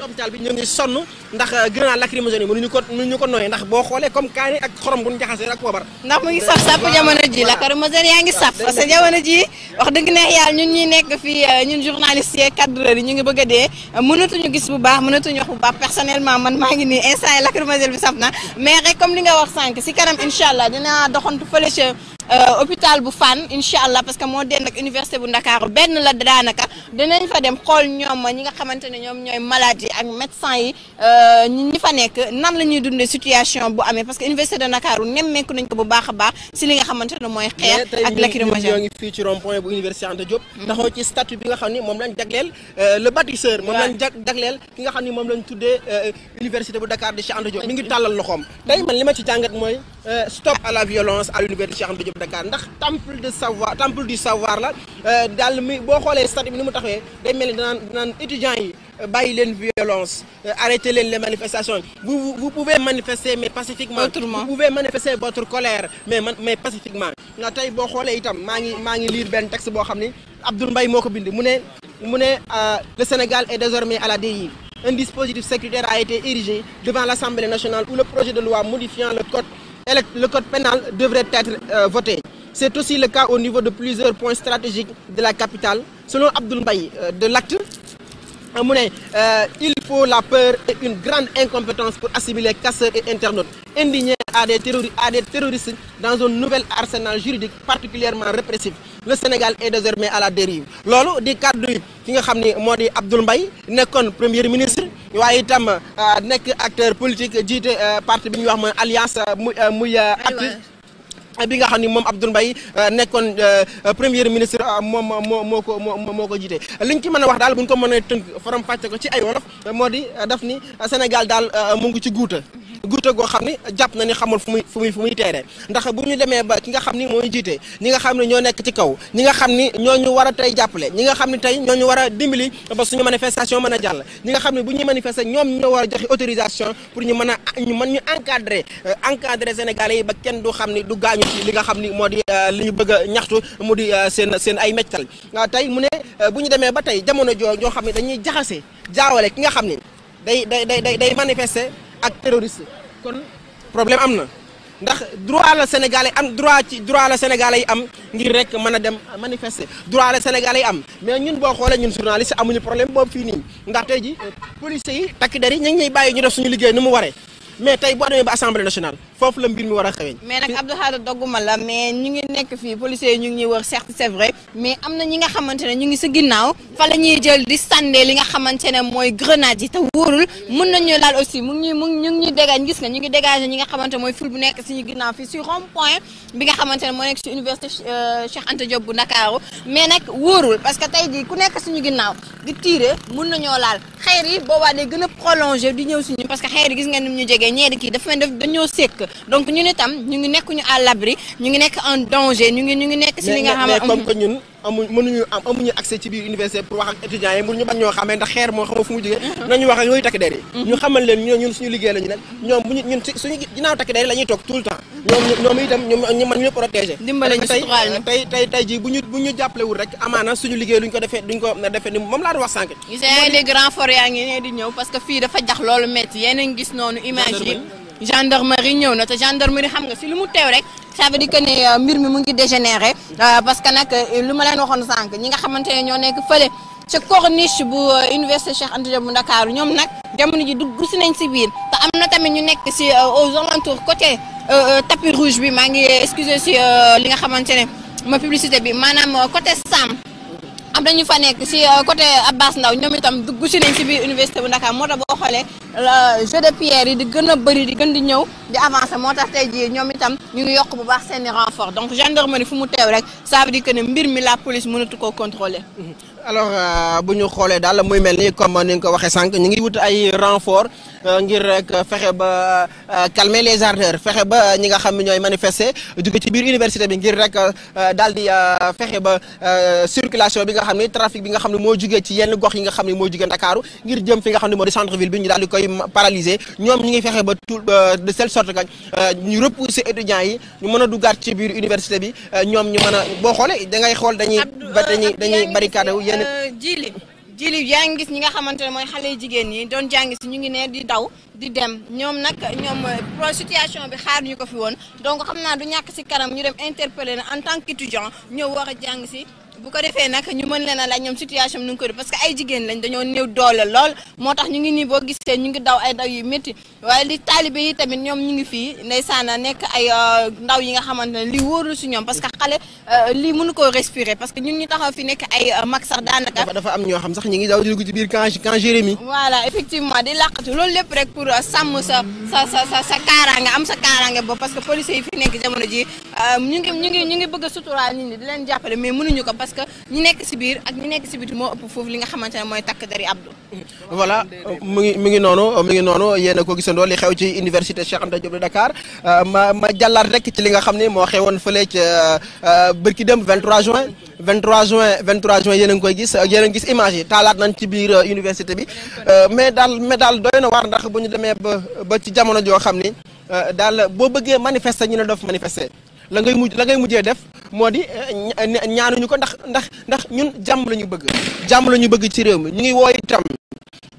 hôpital bi ñoo ngi sonn ndax euh, ko nooyee ndax boo xoolee comme kaani ak xorom bu ñu jaxasee ak poobar ndax mu ngi saf saf jamono ji lacrymogène yaa ngi saf parce que ji wax dëgg neex yàlla ñun ñuy nekk fii euh, ñun journalistes yi cadreurs yi ngi bëgg a dee mënatuñu wax bu baax personnellement man bi saf na mais rek comme li nga wax sànq si kanam incha allah dinaa doxantu fële ca Euh, hôpital bu Fann incha allah parce que moo dend ak université bu Ndakaaru benn la daanaka dinañ fa dem xool ñoom ñi nga xamante ne ñoom ñooy malade yi ak médecin yi euh, ñi fa nekk nan la ñuy dundee situation bu amee parce que université de Ndakaaru nemmeeku nañ bu baax a baax si li nga xamante ne mooy xeex ak lacrymogène ñoo ngi fii ci rond point bu université Anta Diop mm. taxaw nga xam ni moom lañ jagleel euh, le bâtisseur moom lañ jagleel ki nga xam ni moom lañ tuddee université bu Dakar de Cheikh Anta Diop mi ngi tàllal loxoom tey man ma ci jàngat mooy stop à la violence Dakar ndax temple de savoir temple du savoir la euh, daal mi boo xoolee stade bi ni mu taxawee day mel ni danaan danaan yi euh, bàyyi leen violence euh, arrêtez leen les manifestations vous vous pouvez manifester mais pacifiquement. autrement vous pouvez manifester votre colère mais mais pacifiquement. na tey boo xoolee itam maa ngi maa ngi lire benn texte boo xam ni Abdoul Mbaye moo ko bind mu ne mu ne le Sénégal est désormais à la DEI. Un dispositif sécuritaire a été érigé devant l'Assemblée nationale où le projet de loi modifiant le le code pénal devrait être euh, voté. C'est aussi le cas au niveau de plusieurs points stratégiques de la capitale. Selon Abdoul Mbaye, euh, de l'acte Euh, mu ne euh, il faut la peur et une grande incompétence pour assimiler casseurs et internautes indignés à des terroristes à des terroristes dans un nouvel arsenal juridique particulièrement répressif le Sénégal est désormais à la dérive loolu di kàddu yi nga xam ni moo di Abdoul Mbaye nekkoon premier ministre waaye itam euh, nekk acteur politique jiite parti bi ñuy wax mooy alliance muy muy active bi nga xam ni moom Abdoul Mbaye euh, nekkoon euh, premier ministre euh, moom moo moo ko moo moo ko jiite liñ ci mën a wax daal buñ ko mënee tënk faram fàcce ko ci ay wolof moo di def ni Sénégal daal mu ngi ci guuta guuta goo xam ne jàpp na ni xamul fu muy fu fu muy teeree ndax bu ñu demee ba ki nga xam ni mooy jiite ñi nga xam ne ñoo nekk ci kaw ñi nga xam ni ñoo ñu war a tey jàppale ñi nga xam ne tey ñoo ñu war a dimbali ba suñu manifestation mën a jàll ñi nga xam ne bu ñuy manifester ñoom ñoo war a joxe autorisation pour ñu mën a ñu mën ñu encadrer encadrer sénégalais yi ba kenn du xam ni du gaañu li nga xam ni moo di li ñu bëgg ñaxtu mu di seen seen ay meccal tey mu ne bu ñu demee ba tey jamono joo ñoo xam ne dañuy jaxase jaawale ki nga xam ni day day day day manifester ak terroriste kon problème am na ndax droit la sénégalais am droit ci droit la sénégalais yi am ngir rek mën a dem manifester droit la sénégalais yi am mais ñun boo xoolee ñun journaliste amuñu problème boobu fii nii ndaxte tey ji euh, policiers yi takk der yi ñu ngi ñuy bàyyi ñu def suñu liggéey ni mu waree mais tey boo demee ba assemblée nationale foofu la mbir mi war a xeweñ mais nag Abdou Khadre dogguma la mais ñu ngi nekk fii policiers yi ñu ngi wër certes vrai mais am na ñi nga xamante ne ñu ngi sa ginnaaw fa la jël di sànde li nga xamante ne mooy grenade yi te wóorul mën nañu laal aussi mu ngi ñuy ñu ngi dégage ñu ngi dégagé ñi nga xamante ne mooy ful bu nekk suñu ginnaaw fii si rond point bi nga xamante ne moo nekk si université euh, Cheikh Anta Diop mais nag wóorul parce que tey jii ku nekk suñu ginnaaw di tiire mën nañoo fekkee ñee di kii dafa mel dañoo sekk donc ñun itam ñu ngi nekkuñu ñu à l'abri ñu ngi nekk en danger ñu ngi ñu ngi nekk si li nga xam ne comme que ñun amuñ mënuñu am amuñu accès ci biir université pour wax ak étudiants yi pour ñu bañ ñoo xamee ndax xeer moo xamoo fu mu jógee mm-hmm. nañu wax ak yooyu takk der yi mm-hmm. ñu xamal leen la ñu ñu ñun suñu ñu protégé tey tey tey jii bu ñu jàppalewul rek amaana suñu liggéey duñ ko defee duñ ko defee ni moom laa doon wax sànq gis yaa ngi dégg renfort yaa ngi ne di ñëw parce que fii dafa jax loolu métti yeneen gis noonu image yi gendarmerie ñëw na te gendarmerie xam nga si lu mu teew rek ça veut dire que euh, mbir mi mu ngi dégénéré euh, parce que nag euh, lu ma leen waxoon sànq ñi nga xamante ne ñoo nekk fële ca corniche bu université Cheikh Anta bu Ndakaaru ñoom nag jamono ji dugg si nañ si biir te am na tamit ñu nekk si aux alentours côté tapis rouge bi maa ngi excusez si li nga xamante ne ma publicité bi maanaam côté Sam am ñu fa nekk si côté Abbas Ndaw ñoom itam dugg si nañ si biir université bu Ndakaar moo tax boo jeu de pierre yi di gën a bëri di gën di ñëw di avancer moo tax tey jii ñoom itam ñu ngi yokk bu baax seen i renfort donc gendarmerie fu mu teew rek ça veut dire que ne mbir mi la police mënatu koo contrôler. Mhm. alors euh, bu ñu xoolee daal muy mel ni comme ni nga ko waxee sànq ñu ngi wut ay renfort euh, ngir rek fexe ba euh, calmer les fexe ba ñi nga xam ni ñooy manifester jóge ci biir université bi ngir rek daal di fexe ba circulation bi nga xam ne trafic bi nga xam ne moo jógee ci yenn gox yi nga xam ne koy paralysé ñoom ñu ngi fexe ba tout de telle sorte que euh, ñu repousser étudiants yi ñu mën a duggaat ci biir université bi euh, ñoom ñu mën a boo xoolee da ngay xool dañuy dañuy dañuy barricade wu yenn euh, jili jili yaa ngi gis ñi nga xamante ne mooy xale jigéen ñi doon jàngi si ñu ngi nee di daw di dem ñoom nag ñoom pro situation bi xaar ñu ko fi woon donc xam naa du ñàkk si kanam ñu dem na en tant qu'étudiant ñëw war a jàng si bu ko defee nag ñu mën leen a laaj ñoom situation nu ngi ko parce que ay jigéen lañ dañoo néew doole lool moo tax ñu ngi nii boo gisee ñu ngi daw ay euh, ndaw yi nga xamante lii wóorul si ñoom parce que xale euh, lii mënu koo respirer parce que ñun ñu taxaw fi nekk ay euh, mag sax daanaka. dafa am ñoo xam sax ñu ngi daw di dugg ci biir camp camp Jérémy. effectivement di làqatu loolu lépp rek pour sàmm sa sa sa sa kaaraange am sa kaaraange boobu parce que parce que ñi nekk si biir ak ñi nekk si biti moo ëpp foofu li nga xamante ne mooy takk dari Abdou. voilà mu ngi mu ngi noonu mu ngi noonu yéen a ko gisandoo li xew ci université Cheikh Anta Diop de Dakar euh, ma ma jàllaat rek ci li nga xam ne moo xewoon fële ca euh, bërki dem 23 juin 23 juin 23 juin yéen a ngi koy gis yéen a gis image yi taalaat nañ ci biir euh, université bi mais daal mais daal doy na ndax ba ñu demee ba ba ci jamono joo xam ni daal boo bëggee manifester ñu ne doof manifester la ngay mujj la ngay mujjee def moo di eh, eh, ñaanuñu ko ndax ndax ndax ñun jàmm la ñu bëgg jàmm la ñu bëgg ci réew mi ñu ngi woo itam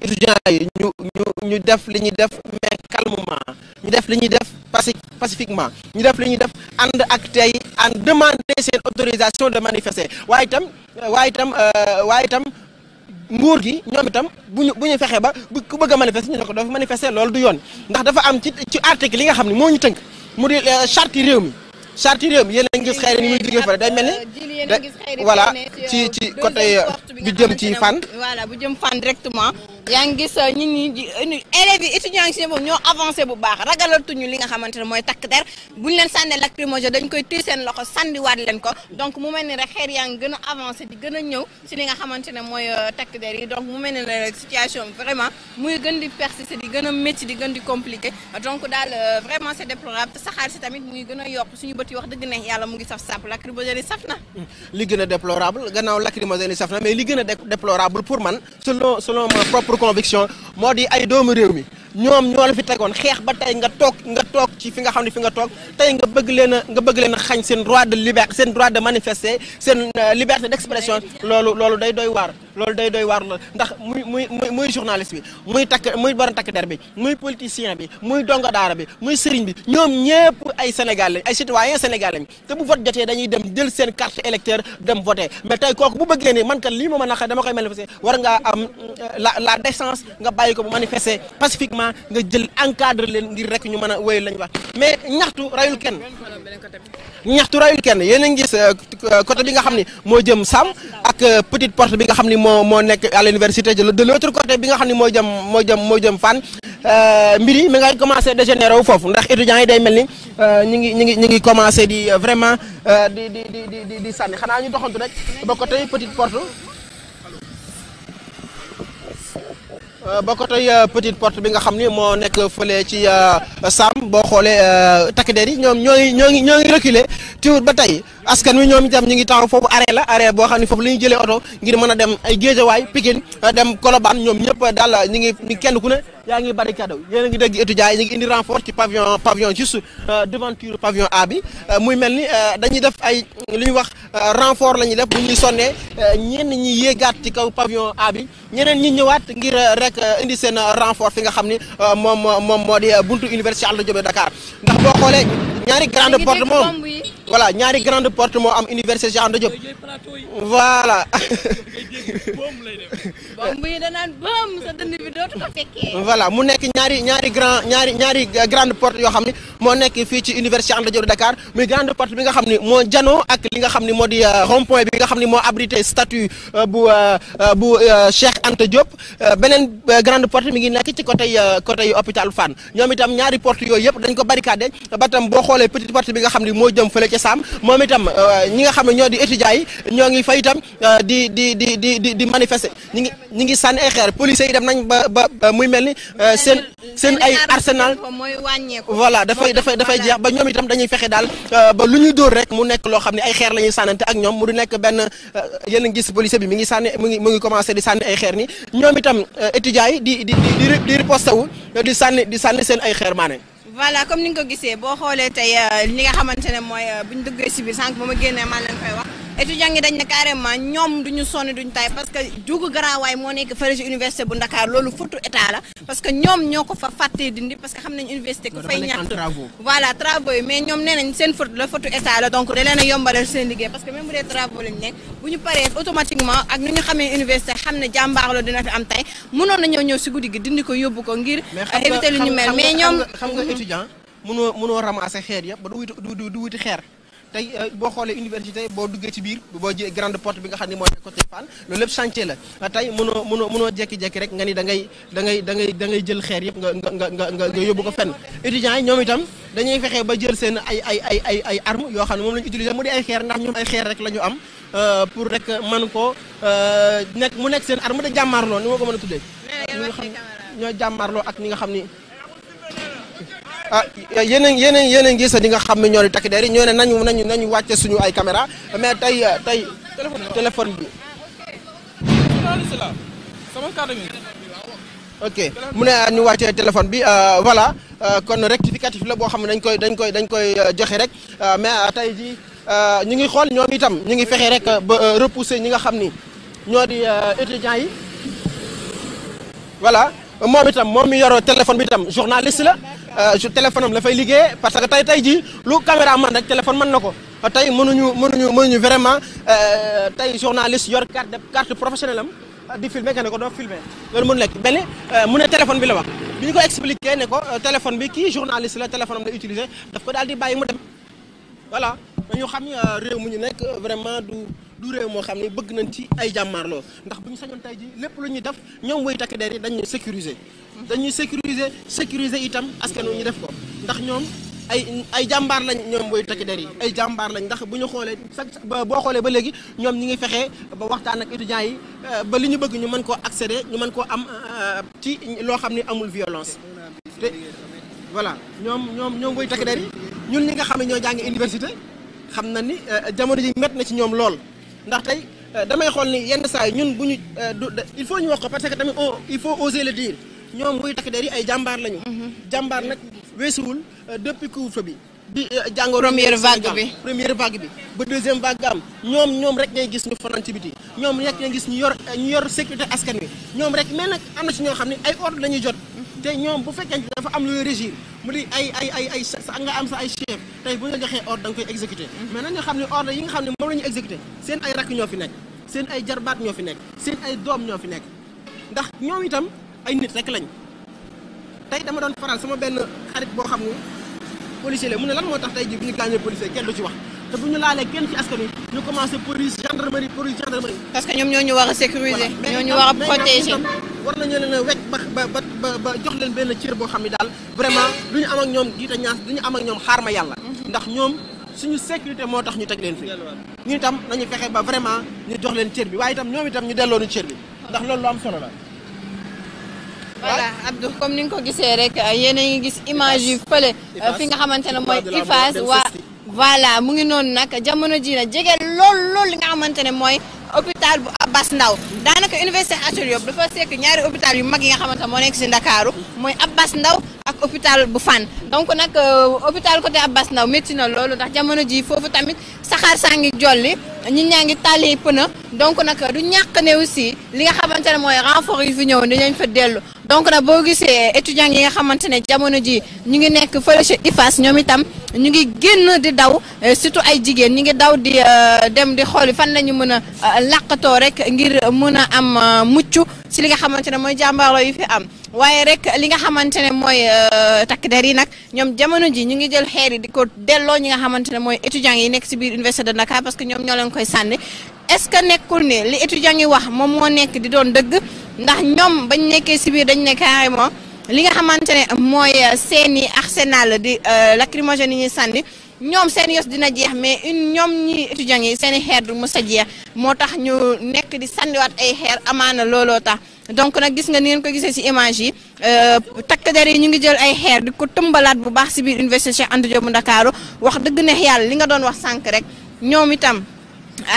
étudiants yi ñu def li ñuy def mais calmement ñu def li ñuy def paci pacifiquement ñu def li ñuy def ànd ak tey en demander seen autorisation de manifester waaye itam waaye itam euh, waaye itam nguur gi ñoom itam bu ñu bu ñu fexe ba bu ku bëgg a manifester ñu ne ko dafa manifester loolu du yoon ndax dafa am ci ci article yi nga xam ne moo ñu tënk mu di euh, charte réew mi charte réew mi yéen a gis xëy ni muy jógee fa day mel ni euh, voilà ci ci côté euh, bi jëm ci fan voilà bu jëm fan directement yaa ngi gis euh, ñi élèves yi étudiants yi si boobu ñoo avancé bu baax ragalatuñu li nga xamante ne mooy takk der buñ leen sànnee lacrymogène dañ koy téye seen loxo sànniwaat leen ko donc mu mel ni rek xeer yaa ngi gën a avancé di gën a ñëw si li nga xamante ne mooy takk der yi donc mu mel ni rek situation vraiment muy gën di persister di gën a métti di gën di compliqué donc daal vraiment c'est déplorable saxaar si tamit muy gën a bët yi wax dëgg neex yàlla mu ngi saf sap lacrymogène yi saf na li gën a déplorable gannaaw lacrymogène yi saf na mais li gën a déplorable pour man selon selon ma propre conviction moo di ay doomu réew mi ñoom ñoo la fi tegoon xeex ba tey nga toog nga toog ci fi nga xam ne fi nga toog tey nga bëgg leen nga bëgg leen a xañ seen droit de liberté seen droit de manifester seen euh, liberté d'expression loolu loolu day doy waar loolu day doy waar loolu ndax muy muy muy muy journaliste bi muy takk muy borom takk der bi muy politicien bi muy donga daara bi muy sëriñ bi ñoom ñëpp ay Sénégal lañ ay citoyen Sénégal lañ te bu vote jotee dañuy dem jël seen carte électeur dem voter mais tey kooku bu bëggee ne man kat lii ma mën a dama koy manifester war ngaa am euh, la la décence nga bàyyi ko bu manifester pacifiquement vraiment nga jël encadre leen ngir rek ñu mën a wéy lañ wax mais ñaxtu rayul kenn ñaxtu rayul kenn yéen a ngi gis euh, côté bi nga xam ni moo jëm Sam ak euh, petite porte bi nga xam ni moo moo nekk à l'université de l'autre côté bi nga xam ni moo jëm moo jëm moo jëm Fann euh, mbir yi mi ngay commencé dégénérer wu foofu ndax étudiants yi day mel ni ñu ngi ñu ngi ñu ngi commencé di vraiment di di di di di sànni xanaa ñu doxantu rek ba côté petite porte Euh, ba ko tey euh, petite port bi nga xam ni moo nekk fële ci euh, Sàmm boo xoolee takk der yi ñoom ñoo ngi ñoo ngi ñoo ngi reculer tiwut ba tey askan wi ñoom itam ñu ngi taxaw foofu arrêt la arrêt boo xam ne foofu la ñuy jëlee oto ngir mën a dem ay Géejawaay Pikine dem Colobane ñoom ñëpp daal ñu ngi kenn ku ne. yaa ngi barricade yéen a ngi dégg étudiants yi ñu ngi indi renfort ci pavillon pavillon juste euh, devanture pavillon A bi euh, muy mel ni euh, dañuy def ay li ñuy wax renfort la ñuy def bu ñuy sonnee ñenn ñi yéegaat ci kaw pavillon A bi ñeneen ñi ñëwaat ngir rek indi seen renfort fi nga xam ni moom moom moo di buntu université Anta Diop de Dakar ndax boo xoolee ñaari grande porte moom voilà ñaari grande porte moo am université Anta Diop voilà bomb bi dootu ko fekkee. mu nekk ñaari ñaari grand ñaari ñaari grande porte yoo xam ni moo nekk fii ci université Anta Diop de Dakar muy grande porte bi nga xam ni moo janoo ak li nga xam ni moo di euh, rond point bi nga xam ni moo abrité statue euh, bu euh, bu Cheikh Anta Diop beneen grande porte mi ngi nekk ci côté côté hôpital Fann ñoom itam ñaari porte yooyu yëpp dañ ko barricadé ba tam boo xoolee petite porte bi nga xam ni moo jëm fële ca Saam moom itam ñi nga xam ne ñoo di étudiants yi ñoo ngi fay itam di di di di di manifester ñi ñu ngi sànni ay xeer police yi dem nañ ba ba muy mel ni euh, seen seen ay arsenal voilà dafay dafay dafay jeex ba ñoom itam dañuy fexe daal euh, ba lu ñuy dóor rek mu nekk loo xam ne ay xeer la ñuy sànnante ak ñoom mu du nekk benn euh, yéen a ngi gis police bi mi ngi sànni mu ngi mu ngi commencé di sànni ay xeer ni ñoom itam étudiants yi di di di di di sànni di sànni seen ay xeer maanaam voilà comme ni nga ko gisee boo xoolee tey li nga xamante ne mooy bu ñu duggee si sànq ba ma génnee maa étudiants yi dañ ne carrément ñoom duñu sonn duñu tay parce que jugu garaawaay moo nekk fële ci université bu Dakar loolu fottu état la parce que ñoom ñoo ko fa fàttee dindi parce que xam nañ université ku fay ñaxtu voilà travaux yi ñoom nee nañ seen fottu la fottu état la donc da leen a yombalal seen liggéey parce que même bu dee travaux lañ nekk bu ñu paree automatiquement ak ni ñu xamee université xam ne jàmbaar la dina fi am tay mënoon nañoo ñëw ci guddi gi dindi ko yóbbu ko ngir éviter lu ñu mel mais ñoom xam nga étudiant mënoo mënoo ramasser xeer yëpp xeer tey euh, boo xoolee université boo duggee ci biir boo jë grande pot bi nga xam ne moo nekk ko Fann loolu lépp chantier la tey mënoo mënoo mënoo jekki-jekki rek nga ni da dangay da ngay da ngay da jël xeer yëpp nga nga nga nga nga yóbbu ko fenn étudiants yi ñoom itam dañuy fexe ba jël seen ay ay ay ay ay yoo xam ne moom la ñu utiliser mu di ay xeer ndax ñoom ay xeer rek la ñu am euh, pour rek man ko euh, nekk mu nekk seen arme de jàmmaarloo ni ma ko mën a tuddee ñi nga xam ñoo jàmmaarloo ak ñi nga xam ni ah yeneen yeneen yeneen gis ñi nga xam ne ñoo di takk der yi ñoo ne nañu nañu nañu wàcce suñu ay caméra mais tey euh, tey téléphone bi ok mu ne ah, ñu wàccee téléphone bi euh, voilà euh, kon rectificatif la boo xam ne dañ koy dañ koy dañ koy joxe rek mais tey ji ñu ngi xool ñoom itam ñu ngi fexe rek ba repousser ñi nga xam ni ñoo di étudiants yi voilà moom itam moom mi yoroo téléphone bi itam journaliste la Euh, su téléphone am la fay liggéey parce que tey tey jii lu caméra man rek téléphone mën na ko tey mënuñu mënuñu mënuñu vraiment euh, tey journaliste yor carte carte professionnelle am euh, di filmer que ne ko doo filmer loolu mënu lekk benn mu téléphone bi la wax bi ñu ko expliqué ne ko téléphone bi kii journaliste la téléphone la utiliser daf ko daal di bàyyi mu dem voilà ñu xam réew mu ñu nekk vraiment du du réew moo xam ne bëgg nañ ci ay jàmmaarloo ndax bu ñu sañoon tey ji lépp lu ñuy def ñoom way takk der yi dañuy sécuriser dañuy sécuriser sécuriser itam askan wi ñu def ko ndax ñoom ay ay jàmbaar lañ ñoom booy takk der yi ay jàmbaar lañ ndax bu ñu xoolee sax boo xoolee ba léegi ñoom ñi ngi fexee ba waxtaan ak étudiants yi euh, ba li ñu bëgg ñu mën koo accéder ñu mën koo am euh, ci loo xam ne amul violence voilà ñoom ñoom ñoom booy takk der yi ñun ñi nga xam ñoo jàng université xam na ni euh, jamono ji met na ci ñoom lool ndax tey euh, damay xool ni yenn saa yi ñun bu ñu euh, il faut ñu wax ko parce que tamit oh, il faut oser le dire ñoom muy takk der yi ay jàmbaar lañu. Mhm. jàmbaar nag weesuwul euh, depuis couvre-feu bi. bi jàngoro première vague bi première vague bi ba deuxième vague am ñoom ñoom rek ngay gis ñu fanaan ci biti ñoom rek ngay gis ñu yor ñu yor sécurité askan wi ñoom rek mais nag am na ci ñoo xam ne ay ordre la ñuy jot. te ñoom bu fekkee dafa am lu régir mu di ay ay ay sa nga am sa ay chef tey bu ñu la joxee ordre da mm-hmm. nga koy exécuté mais nañu xam ne ordre yi nga xam ne moom la ñu exécuté seen ay rakk ñoo fi nekk seen ay jarbaat ñoo fi nekk seen ay doom ñoo fi nekk ndax ñoom itam ay nit rek lañ tey dama doon faral sama benn xarit boo xam ne policier la mu ne lan moo tax tey ji bu ñu gaañee policier kenn du ci wax te bu ñu laalee kenn ci askan wi ñu commencé que ñoom ñoo ñu war a war nañu leen a wecc ba ba ba jox leen benn cër boo xam ne daal vraiment lu ñu am ak ñoom diita ñaas lu ñu am ak ñoom xaar ma yàlla mhm. ndax ñoom suñu sécurité moo tax ñu teg leen fii ñu itam nañu fexe ba vraiment ñu jox leen cër bi waaye itam ñoom itam ñu delloonu cër bi ndax loolu lu am solo la voilà Abdou comme ni nga ko gisee rek euh, yéen a gis image yi fële euh, fii nga xamante ne mooy Ifaas waa voilà mu ngi noonu nag jamono jii na jege lool lool li nga xamante ne mooy hôpital bu Abbas Ndao daanaka université Assane Diop dafa sekk ñaari hôpital yu mag yi nga xamante moo nekk si Ndakaaru mooy bas Ndao ak hôpital bu Fann donc nag euh, hôpital côté Abbas Ndao métti na loolu ndax jamono ji foofu tamit saxaar saa ngi jolli ñi ñaa ngi tàlli na donc nag du ñàkk ne aussi li nga xamante ne mooy renfort yi fi ñëw dinañ fa dellu donc nag boo gisee étudiants yi nga xamante ne jamono ji ñu ngi nekk fële ca IFAS ñoom itam ñu ngi génn di daw euh, surtout ay jigéen ñu ngi daw di euh, dem di xool fan la ñu mën a làqatoo rek ngir mën a am mucc si li nga xamante ne mooy jàmbaarloo yi fi am waaye rek li nga xamante ne mooy euh, takk der yi nag ñoom jamono ji ñu ngi jël xeer di ko delloo ñi nga xamante ne mooy étudiants yi nekk si biir université de Dakar parce que ñoom ñoo leen koy sànni est-ce que nekkul ne li étudiants yi wax moom moo nekk di doon dëgg ndax ñoom bañ nekkee si biir dañ ne carrément li nga xamante ne mooy euh, seeni arsenal di euh, lacrymogène ni ñuy sànni ñoom seen yos dina jeex mais une ñoom ñi étudiants yi seen i xeer du mës a jeex moo tax ñu nekk di sandiwaat ay xeer amaana looloo tax donc nag gis nga ni ngeen ko gisee ci image yi euh, takk der yi ñu ngi jël ay xeer di ko tëmbalaat bu baax ci biir université Cheikh Anta Diop bu Ndakaaru wax dëgg neex yàlla li nga doon wax sànq rek ñoom itam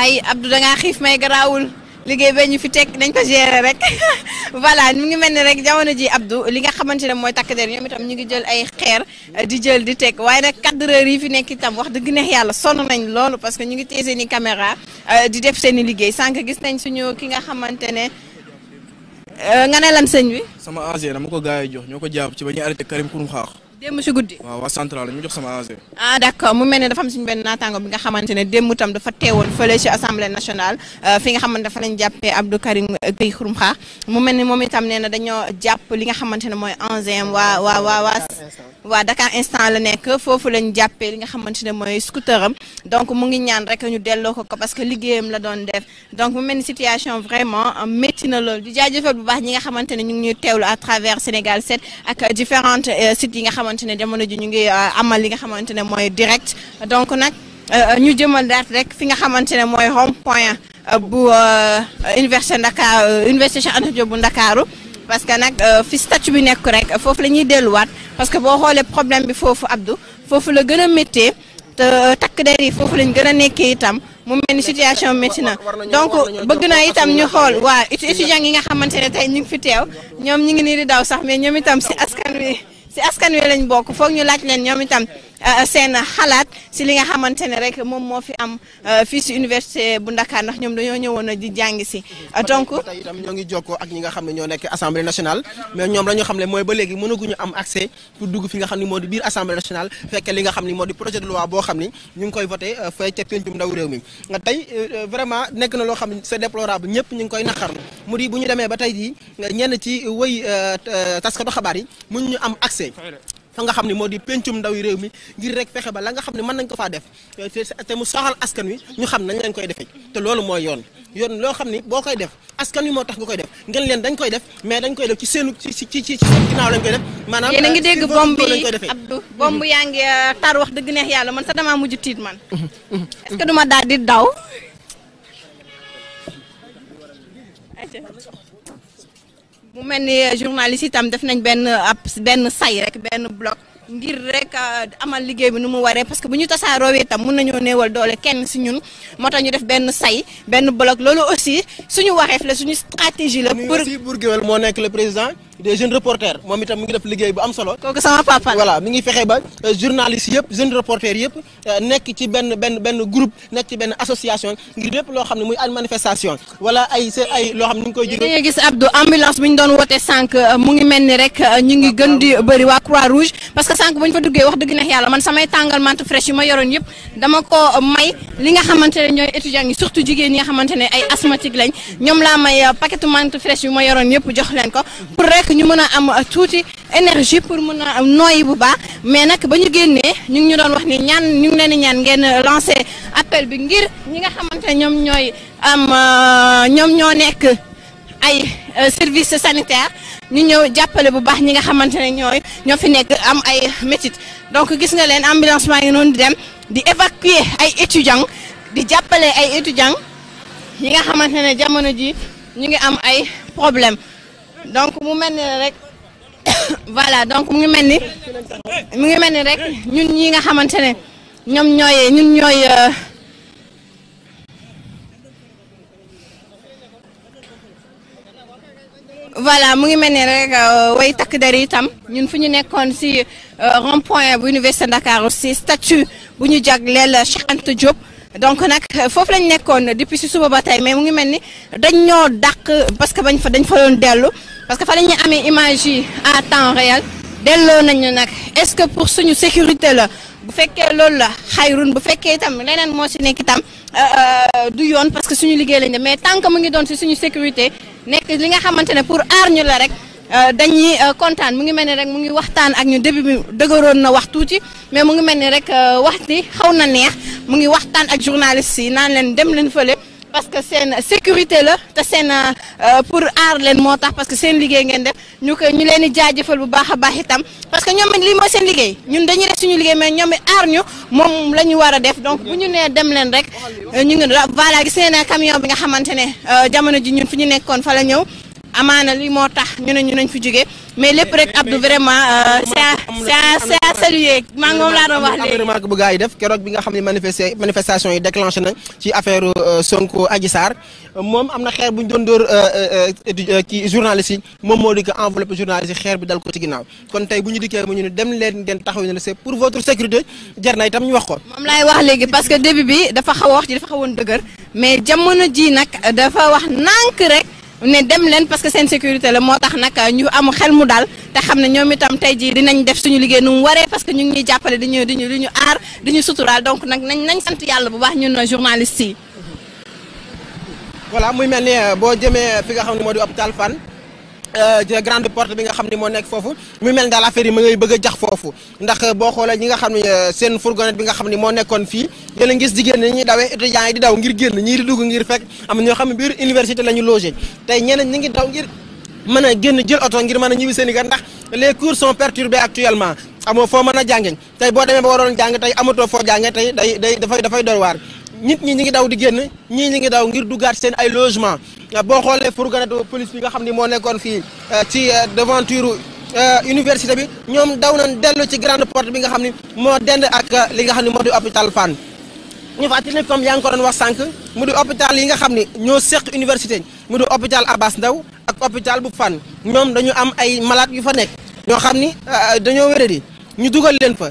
ay Abdou da ngaa xiif may garaawul liggéey bee ñu fi teg nañ ko gérer rek voilà mu ngi mel ni rek jamono ji Abdou li nga xamante ne mooy takk der ñoom itam ñu ngi jël ay xeer eh, di jël di teg waaye nag cadreur yi fi nekk itam wax dëgg neex yàlla sonn nañ loolu parce que ñu ngi téye seeni i eh, di def seeni i liggéey sànq gis nañ suñu ki nga xamante ne eh, nga ne lan sëñ bi. sama agent dama ko gars yi jox ñoo ko jàpp ci ba ñuy arrêté Karim Xrum Xax démb si guddi. waaw waa central ñu jox ah, ne dafa am suñu benn naataango bi nga xamante ne tam dafa teewoon fële si assemblée nationale euh, fi nga xamante mu mel ni moom itam nee na dañoo jàpp li nga xamante ne mooy engin la nekk foofu lañ jàppee li nga xamante ne mooy scooter am donc mu ngi ñaan rek ñu delloo ko parce que liggéeyam la doon def donc mu mel ni situation vraiment métti lool di jaajëfal bu baax ñi nga xamante ñu ngi ñuy teewlu à travers Sénégal 7 euh, yi nga xamante xamante ne jamono ji ñu ngi euh, amal li nga xamante ne mooy direct donc nag euh, euh, ñu jëmal daat rek fi nga xamante ne mooy rond point bu université Ndakaaru université Cheikh Anta Diop bu Ndakaaru parce que nag fi statut bi nekk rek foofu la ñuy delluwaat parce que boo xoolee problème bi foofu Abdou foofu la gën a méttee te takk der yi foofu lañ gën a nekkee itam mu mel ni situation métti na donc bëgg naa itam ñu xool waa étudiants yi nga xamante ne tey ñu ngi fi teew ñoom ñu ngi nii di daw sax mais ñoom itam si askan wi. si askan wi lañ bokk foog ñu laaj leen ñoom itam Euh, seen xalaat si li nga xamante ne rek moom moo fi am euh, fii si université bu Ndakaar ndax ñoom dañoo ñëwoon a di jàng si donc tey itam ñoo ngi jokkoo ak ñi nga xam ne ñoo nekk assemblée national mais ñoom la xam ne mooy ba léegi mënaguñu am accès pour dugg fi nga xam ne moo di biir assemblée nationale fekk li nga xam ne moo di projet de loi boo xam ne ñu ngi koy voté euh, fay ca pencum ndaw réew mi nga tey vraiment nekk na loo xam ne c'est déplorable ñëpp ñu ngi koy naqarlu mu di bu ñu demee ba tey jii ñenn ci wëy taskatu xabaar yi mënuñu am accès fa nga xam ne moo di pencum ndaw yi réew mi ngir rek fexe ba la nga xam ne mën nañ ko faa def euh, te mu soxal askan wi ñu xam nañ lañ koy defee te loolu mooy yoon yoon loo xam ni boo koy def askan wi moo tax nga koy def ngeen leen dañ koy def mais dañ koy def ci seenu ci ci ci seen ginnaaw lañ koy def maanaam yéen a ngi euh, dégg bomb yi Abdou bomb mm-hmm. yaa ngi euh, tar wax dëgg neex yàlla man sax damaa mujj tiit man mm-hmm. Mm-hmm. est-ce que duma daal di daw mu mel ni euh, journaliste itam def nañ benn euh, ab benn say rek benn bloc ngir rek euh, amal liggéey bi nu mu waree parce que bu ñu tasaaroo itam mun nañoo néewal doole kenn si ñun moo tax ñu def benn say benn bloc loolu aussi suñu waxeef la suñu stratégie la. pour pour moo nekk la président. des jeunes reporters moom itam mu ngi def liggéey bu am solo. kooku sama papa voilà mi ngi fexe ba euh, journalistes yëpp jeunes reporters yëpp euh, nekk ci benn benn benn groupe nekk ci benn association ngir lépp loo xam ne muy ay manifestation wala ay sa ay loo xam ne ñu ngi koy. dañuy gis Abdou ambulance bi doon woote sànq euh, mu ngi mel ni rek ñu ngi gën di bëri waa Croix Rouge parce que sànq bu ñu fa duggee wax dëgg neex yàlla man samay tàngal mante fraîche yu ma yoroon yëpp dama ko may li nga xamante ne ñooy étudiants yi surtout jigéen ñi nga xamante ne ay asthmatique lañ ñoom laa may paquetu ma yoroon yëpp jox leen ko fekk ñu mën a am tuuti énergie pour mën a nooyi bu baax mais nag ba ñu génnee ñu ngi ñu doon wax ni ñaan ñu ngi leen di ñaan ngeen lancé appel bi ngir ñi nga xamante ne ñoom ñooy am euh, ñoom ñoo nekk ay euh, service sanitaire ñu ñëw jàppale bu baax ñi nga xamante ne ñooy ñoo fi nekk am ay métit donc gis nga leen ambulance maa noonu di dem di évacuer ay étudiants di jàppale ay étudiants ñi nga xamante ne jamono ji ñu ngi am ay problème donc mu mel ni rek voilà donc mu ngi mel ni mu ngi mel ni rek ñun ñi nga xamante ne ñoom ñooy ñun ñooy euh, voilà mu ngi mel ni rek euh, way takk der itam ñun fu ñu nekkoon si euh, rond point bu université Dakar aussi statut bu ñu jagleel Cheikh Anta Diop donc nag foofu lañ nekkoon depuis si suba ba tey mais mu ngi mel ni dañ ñoo daq parce que bañ fa dañ fa doon dellu parce que fa la ñuy amee image yi à temps réel delloo nañu nag est-ce que pour suñu sécurité la bu fekkee loolu la xayrun bu fekkee itam leneen moo si nekk itam euh, euh, du yoon parce que suñu liggéey lañ de mais tant que mu ngi doon si suñu sécurité nekk li nga xamante ne pour aar ñu la rek. Euh, dañuy euh, kontaan mu ngi mel ni rek mu ngi waxtaan ak ñu début bi dëgëroon na wax tuuti mais mu ngi mel ni rek euh, wax ni xaw na neex mu ngi waxtaan ak journaliste yi naan leen dem leen fële. parce que seen sécurité la te seen pour aar leen moo tax parce que seen liggéey ngeen def ñu ko ñu leen di jaajëfal bu baax a baax itam parce que ñoom it lii mooy seen liggéey ñun dañuy def suñu liggéey mais ñoom it aar ñu moom la ñu war a def donc bu ñu nee dem leen rek ñu ngi voilà gis ngeen ne camion bi nga xamante ne jamono ji ñun fu ñu nekkoon fa ñëw. amaana lii moo tax ñu ne ñu nañ fi jóge mais lépp rek Abdou vraiment euh, c'est à saluer maa ngi moom laa doon wax léegi bu gars yi def keroog bi nga xam ne manifesté manifestation yi déclenché na ci affaire euh, Sonko Adji Sarr moom am na xeer bu ñu doon dóor euh, ki journaliste moom moo di ko enveloppe bi dal ko ci ginnaaw kon tey bu ñu dikkee mu ñu ne dem leen ngeen taxaw ne c'est pour votre sécurité ñu wax ko moom laay wax parce que début bi dafa xaw a wax ji dafa xawoon dëgër mais jamono ji nag dafa wax nànk rek ne dem leen parce que seen sécurité la moo tax nag ñu am xel mu daal te xam ne ñoom itam tey jii dinañ def suñu liggéey nu mu waree parce que ñu ngi ñuy jàppale di ñu di ñu di ñu aar di ñu suturaal donc nag nañ nañ sant yàlla bu baax ñun journalistes yi. voilà muy mel ni euh, boo jëmee fi nga xam ne moo di hôpital Fann Euh, grande porte bi nga xam ne moo nekk foofu mu mel ne daal affaire yi ma ngay bëgg a jax foofu ndax euh, boo xoolee ñi nga xam ne euh, seen fourgonnette bi nga xam ne moo nekkoon fii yéen gis jigéen ñi ñuy dawee étudiants yi di daw ngir génn ñii di dugg ngir fekk am ñoo xam ne biir université lañu ñu logé tey ñeneen ñi ngi daw ngir mën a génn jël oto ngir mën a ñibbi seen i kër ndax les cours sont perturbés actuellement amoo foo mën a jàngee tey boo demee ba waroon jàng tey amatoo foo jàngee tey day day dafay waar nit ñi ñi ngi daw di génn ñii ñi ngi daw ngir duggaat seen ay logement boo xoolee fourgonnette de police bi nga xam ni moo nekkoon fii euh, ci euh, devanture euh, université bi ñoom daw nañ dellu ci grand porte bi nga xam ni moo dend ak li nga xam ni moo di hôpital Fann ñu fàttali ne comme yaa ngi ko doon wax sànq mu di hôpital yi nga xam ne ñoo seq université mu di hôpital Abass Ndao ak hôpital bu Fann ñoom dañu am ay malaat yu fa nekk ñoo xam ni dañoo wéradi ñu dugal leen fa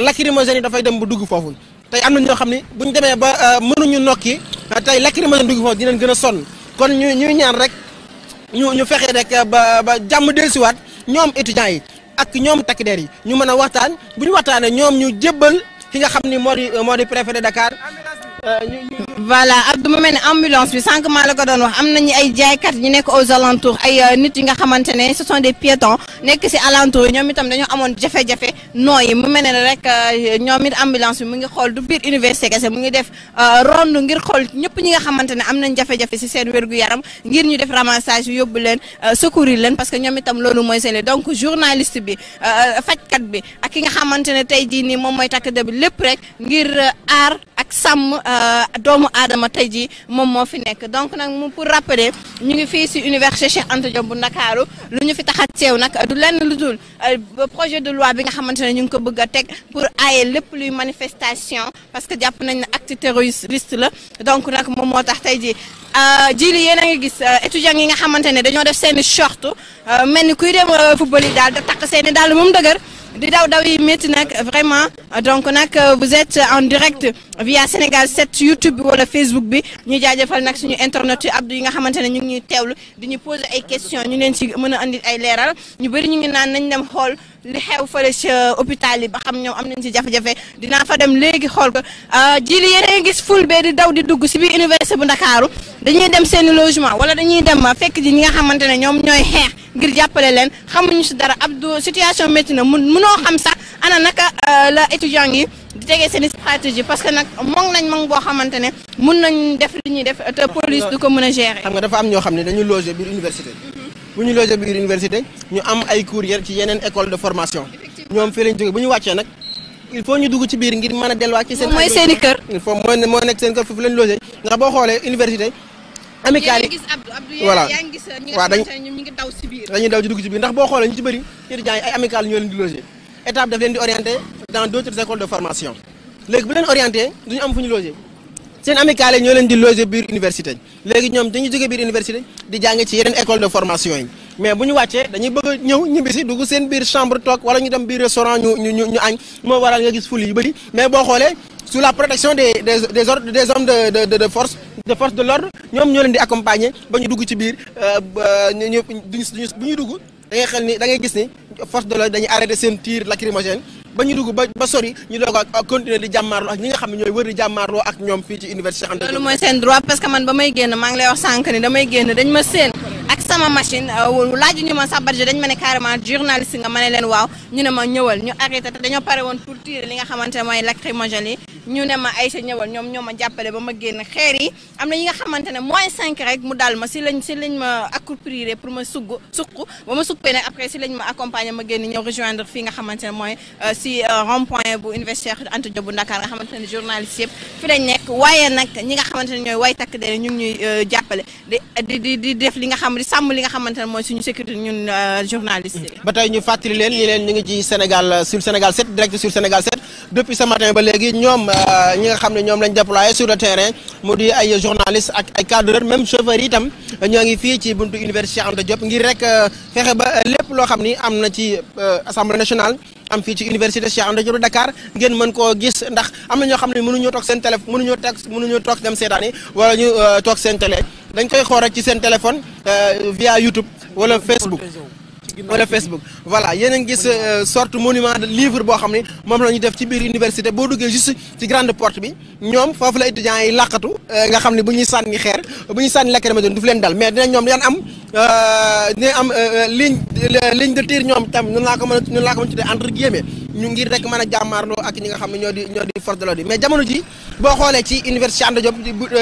lacrymogène yi dafay dem bu dugg foofu tey am na ñoo xam ne bu ñu demee ba euh, mënuñu nokki euh, tey lacrymogène dugg foofu dinañ gën a sonn kon ñu ñuy ñaan rek ñu ñu fexe rek euh, ba ba jàmm dellusiwaat ñoom étudiants yi ak ñoom takk der yi ñu mën a waxtaan bu ñu waxtaanee ñoom ñu jébbal ki nga xam ni moo di moo di préfet de Dakar. voilà ak du ma mel ne ambulance bi sànq maa la ko doon wax am nañu ay jaaykat ñu nekk aux alentours ay euh, nit yi nga xamante ne ce sont des piétons nekk si alentours yi ñoom itam dañoo amoon jafe-jafe nooyi mu mel ne rek euh, ñoom it ambulance bi mu ngi xool du biir université kese mu ngi def euh, ronde ngir xool ñëpp ñi nga xamante ne am nañ jafe-jafe si seen wérgu yaram ngir ñu def ramassage bi yóbbu leen secourir leen parce que ñoom itam loolu mooy seen donc journaliste bi fajkat bi ak ki nga xamante ne tey jii nii moom mooy takk lépp rek ngir ak sàmm doom doomu aadama tey jii moom moo fi nekk donc nag mu pour rappeler ñu ngi fii si université Cheikh Anta Diop bu Ndakaaru lu ñu fi tax a teew nag du lenn lu dul euh, projet de loi bi nga xamante ne ñu ngi ko bëgg a teg pour aaye lépp luy manifestation parce que jàpp nañ ne acte terroriste la donc nag moom moo tax tey jii euh, jili yéen a ngi gis euh, étudiants yi nga xamante ne dañoo def seen i short mel ni kuy dem football yi daal da takk seen daal moom dëgër di daw daw yi métti nag vraiment donc nag vous êtes en direct via Sénégal 7 YouTube bi wala Facebook bi ñu jaajëfal nag suñu internet yu abdu yi nga xamante ne ñu ngi ñuy teewlu di ñu poser ay questions ñu neen si mën a andi ay leeral ñu bëri ñu ngi naan nañ dem xool li xew fële ca hôpital yi ba xam ñoom am nañ ci jafe-jafe dinaa fa dem léegi xool ko ah, ji li yéen a ngi di daw di dugg ci biir université bu Ndakaaru dañuy dem seeni logement wala dañuy dem fekk ji ñi nga xamante ne ñoom ñooy xeex ngir jàppale leen xamuñu ci dara Abdou situation métti mun munoo xam sax ana naka ah, la étudiant yi di tegee seen i stratégie parce que nag mong nañ mong boo xamante ne mun nañ def li ñuy def te police du ko mën a gérer. xam nga dafa am ñoo xam ne dañu loger biir université mhm. bu ñu loger biir université ñu am ay courrier ci yeneen école de formation ñoom fii lañ jógee bu ñu wàccee nag il faut ñu dugg ci biir ngir mën a delluwaat ci seen mooy seen i kër il foofu lañ loger ndax boo xoolee université amical yi voilà waaw dañ dañuy ci biir ndax boo xoolee ñu ci bëri étudiants yi ay état bi daf leen di orienté dans d' autres écoles de formation léegi bu leen orienté duñu am fu ñu loger seen amicale ñoo leen di loger biir université léegi ñoom dañuy jógee biir université di jànge ci yeneen école de formation yi mais bu ñu wàccee dañuy bëgg a ñëw ñibbisi dugg seen biir chambre toog wala ñu dem biir restaurant ñu ñu ñu añ moo waral nga gis ful yu bëri mais boo xoolee sous la protection des de de de de force de force de l'ordre ñoom ñoo leen di accompagner ba dugg ci biir euh, ñu ñu duñu bu ñuy dugg. da ngay ni da ngay gis ni force de l'ordre dañuy arrêté seen tir lacrymogène ba ñu dugg ba ba sori ñu doog a continuer ak ñi nga xam ne ñooy wër di jàmmaarloo ak ñoom fii ci université Anta que man ba may génn maa ngi lay wax sànq ni damay génn dañ ma seen ak sama machine euh, laaju ñu ma sa badge dañ ma ne carrément journaliste nga ma ne leen waaw ñu ne ma ñëwal ñu arrêté te dañoo pare woon pour tirer li nga xamante ne mooy lacrymogène yi ñu ne ma Aïcha ñëwal ñoom ñoom ma jàppale ba ma génn xeer yi am na yi nga xamante ne moins cinq rek mu daal ma si lañ si lañ ma accourir pour ma sugg suq ba ma suqee nag après si lañ ma accompagner ma génn ñëw rejoindre fii nga xamante ne mooy euh, si euh, rond point bu université nga xamante ne journaliste yëpp fi lañ nekk waaye nag ñi nga xamante ne ñooy way takk ñu ngi ñuy euh, jàppale di def li nga xam di sàmm li nga xamante ne mooy suñu sécurité ñun journaliste yi. ba tey ñu fàttali leen ñi leen ñu ngi ji Sénégal sur Sénégal 7 direct sur Sénégal 7 depuis ce matin ba léegi ñoom Euh, ñi nga xam ne ñoom lañ déployé sur le terrain mu di ay journalistes ak ay cadreurs même chauffeurs yi itam ñoo ngi fii ci buntu université Anta Diop ngir rek euh, fexe ba lépp loo xam ni am na ci euh, assemblée nationale am fii ci université Cheikh Anta Diop Dakar ngeen mën koo gis ndax am na ñoo xam ne mënuñoo toog seen téléphone mënuñoo toog mënuñoo toog dem seetaani wala ñu toog seen télé dañ koy xool rek ci seen téléphone via YouTube wala Facebook wala Facebook voilà yéen a ngi gis euh, sorte monument de livre boo xam ne moom la ñu def ci biir université boo duggee juste ci grande porte bi ñoom foofu la étudiants yi laqatu euh, nga xam ne bu ñuy sànni xeer bu ñuy sànni lacrymogène du fi leen dal mais dina ñoom dinañ am euh, dinañ am ligne ligne de tir ñoom tam ñun laa ko mën a ñun laa ko mën a nga xam ne ñoo di ñoo di mais jamono ji boo xoolee ci université Anta Diop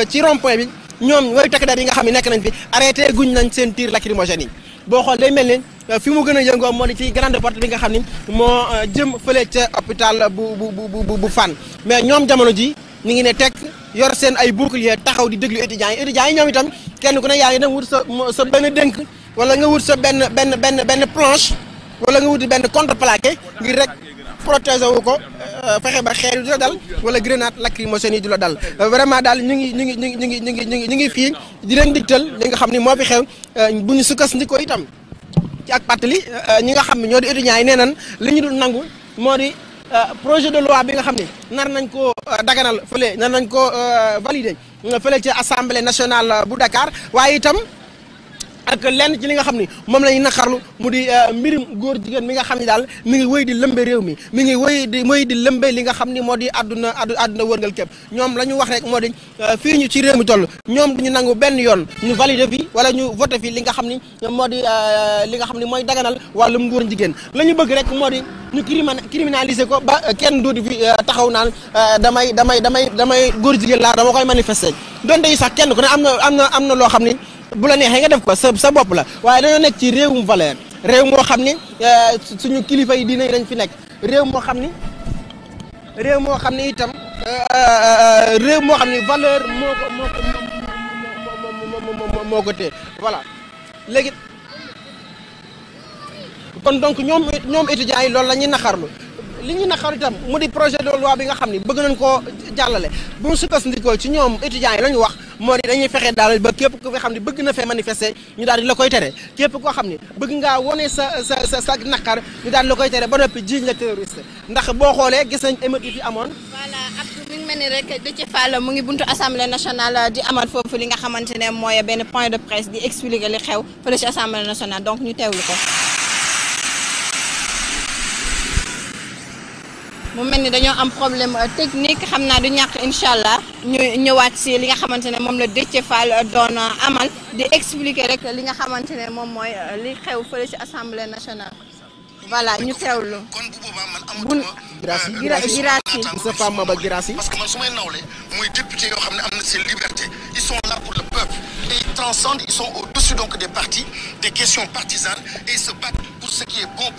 ci rond bi ñoom way nga xam ne nekk nañ fi arrêté guñ nañ seen tir lacrymogène yi boo xool day mel ni euh, fi mu gën a yëngoo moo di ci grande porte bi nga xam ni moo euh, jëm fële ca hôpital bu bu bu bu Fann mais ñoom jamono ji ñu ngi ne tekk yor seen ay bouclier taxaw di déglu étudiants yi étudiants yi ñoom itam kenn ku ne yaa ngi dem wut sa sa benn dénk wala nga wut sa benn benn benn benn planche wala nga wuti benn contreplaqué ngir rek. protéger wu ko euh, fexe ba xeer yi du la dal wala grenade lacrymogène yi du la dal euh, vraiment daal ñu ngi ñu ngi ñu ngi ñu ngi ngi ñu ngi fii di leen digtal li nga xam ni moo fi xew euh, bu ñu sukkandikoo itam ci ak pàttali ñi nga xam ne ñoo di étudiants yi nee nan li ñu dul nangu moo di projet de loi bi nga xam ne nar nañ koo daganal fële nar nañ koo valider fële ci assemblée nationale bu Dakar waaye itam. ak lenn ci li nga xam ni moom la ñuy naqarlu mu di euh, mbirum góor jigéen mi nga xam ni daal mi ngi wéy di lëmbe réew mi mi ngi wéy di wéy di lëmbe li nga xam ni moo di àdduna àdduna wërngal képp ñoom la ñu wax rek moo di euh, fii ñu ci réew mi toll ñoom duñu nangu benn yoon ñu valider fi wala ñu voter fi li nga xam ni moo di euh, li nga xam ni mooy daganal wàllum góor jigéen la ñu bëgg rek moo di ñu crima criminaliser ko ba kenn dootu fi taxaw naan damay damay damay damay góor jigéen laa dama koy manifester donte yi sax kenn ku ne am na am na am na loo xam ni bu la neexee nga def ko sa sa bopp la waaye dañoo nekk ci réewum valeur réew moo xam ni euh, suñu kilifa yi diine dañ fi nekk réew moo xam ni réew moo xam ni itam euh, euh, réew moo xam ni valeur moo ko moo ko moo ko téye voilà léegi kon donc ñoom ñoom étudiants yi loolu la ñuy naxarlu li ñu naqar itam mu di projet de loi bi nga xam ni bëgg nañ koo jàllale bu ñu sukkandikoo ci ñoom étudiants yi la ñu wax moo di dañuy fexe daal ba képp ko xam ne bëgg na fee manifester ñu daal di la koy tere képp xam ne bëgg ngaa wone sa sa sa sa naqar ñu daal la koy tere ba noppi jiiñ la terroriste ndax boo xoolee gis nañ émeute yi fi amoon voilà Abdou mi ngi mel ni rek Déthié Fall mu ngi buntu assemblée nationale di amal foofu li nga xamante ne mooy benn point de presse di expliquer li xew fële ci assemblée nationale donc ñu teew teewlu ko mu mel ni dañoo am problème euh, technique xam naa du ñàkk incha allah ñu ñëwaat si li nga xamante ne moom la Déthié Fall doon amal di expliquer rek li nga xamante ne moom mooy euh, li xew fële si assemblée nationale voilà ñu teewlu. bu euh, Girassi Girassi. Moussa Fam Maba Girassi. parce que man su may nawle mooy député yoo xam ne am na seen liberté ils sont là pour le peuple et ils transcendent ils sont au-dessus donc des partis des questions partisanes et ils se pour ce qui est bon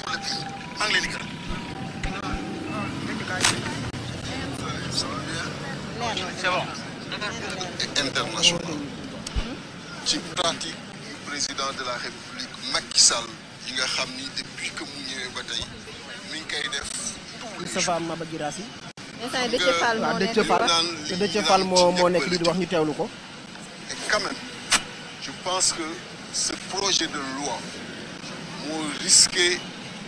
c'est ci pratique du président de la république Macky Sall yi nga xam ni depuis que mu ñëwee ba tey mi ngi koy def. Moustapha Maba Guirassy. instant Déthié Fall moo ah, nekk di wax moo nekk di wax ñu teewlu ko. et quand je pense que ce projet de loi moo risqué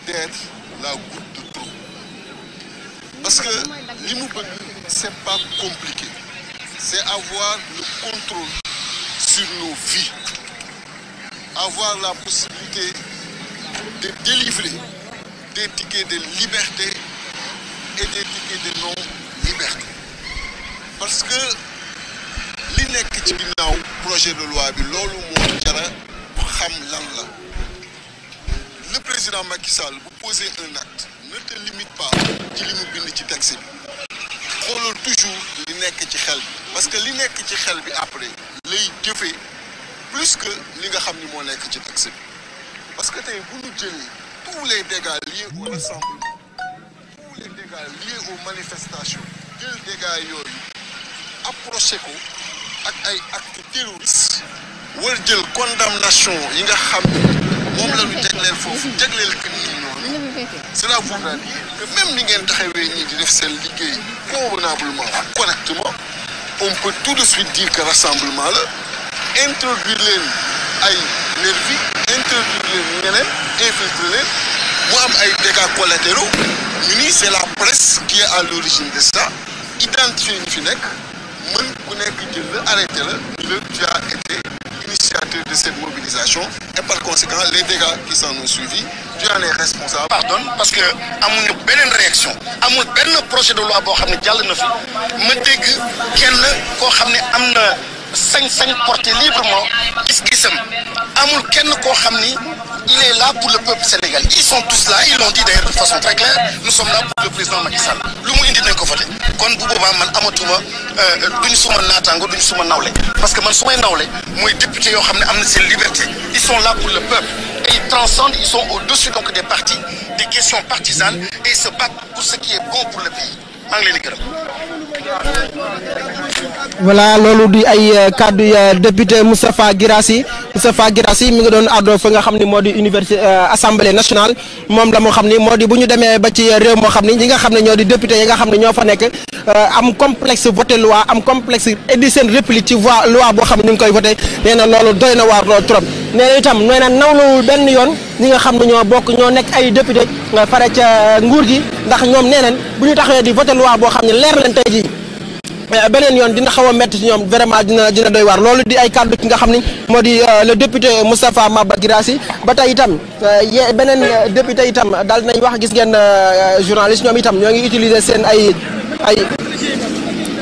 d'être la goutte de trop. Parce que l'immobilier, ce n'est pas compliqué. C'est avoir le contrôle sur nos vies. Avoir la possibilité de délivrer des de liberté et des de non-liberté. Parce que li nekk ci ginnaaw projet de loi bi loolu moo jara xam lan la le président Macky bu poser un acte ne te limite pas ci li mu bind ci texte bi xoolal toujours li nekk ci xel bi parce que li nekk ci xel bi après lay jëfee plus que li nga xam ni moo nekk ci texte bi parce que tey bu ñu jëlee tous les dégâts liés au rassemblement tous les dégâts liés aux manifestations jël dégâts yooyu approché ko ak ay actes terroristes war jël condamnation yi nga xam moom la ñu jagleel foofu jagleel que nii noonu cela voudra dire que même ni ngeen taxawee ñii di def seen liggéey convenablement correctement on peut tout de suite dire que rassemblement la introduire leen ay nervi introduire leen ñeneen infiltrer leen mu am ay dégâts collatéraux ñu ni c'est la presse qui est à l'origine de ça identifier ñu fi nekk mën ku nekk jël la arrêté la ñu la tu as été initiateur de cette mobilisation et par conséquent les dégâts qui s'en ont suivis tu en es responsable. pardon parce que amuñu beneen réaction amul benn projet de loi boo xam ne jàll na fi ma dégg kenn koo xam ne am na sañ-sañ porté librement gis-gisam amul kenn koo xam ni il est là pour le peuple sénégalais ils sont tous là ils l'ont dit d'ailleurs de façon très claire nous sommes là pour le président Macky lu mu indi nañ ko voté kon bu boobaa man amatuma euh, duñ suma naataango duñ suma nawle parce que man sumay nawle mooy député yoo xam ne am na seen liberté ils sont là pour le peuple et ils transcendent ils sont au-dessus donc des partis des questions partisanes et ils se battent pour ce qui est bon pour le pays maa ngi voilà loolu di ay euh, kaddu député Moustapha Guirassy Moustapha Guirassy mi ngi doon àddoo nga xam ni moo di université euh, assemblée nationale moom la moo xam ni moo di bu ñu demee ba ci réew moo xam ni ñi nga xam ne ñoo di député yi nga xam ne ñoo fa nekk euh, am complexe voté loi am complexe indi seen réplique ci voi loi boo xam ne ñu ngi koy voté nee na loolu doy na waar loolu trop nee itam nee na nawlawul benn yoon ñi nga xam ne ñoo bokk ñoo nekk ay député nga fare ca nguur gi ndax ñoom nee nañ bu ñu taxawee di voté loi boo xam ne leer leen tey jii Euh, beneen yoon dina xaw a métti ci ñoom vraiment dina dina doy waar loolu di ay kàddu ki nga xam ni moo di euh, le député Moustapha Maba Guirassy ba tey itam euh, ye beneen député itam daal dinañ wax gis ngeen journaliste ñoom itam ñoo ngi utiliser seen ay ay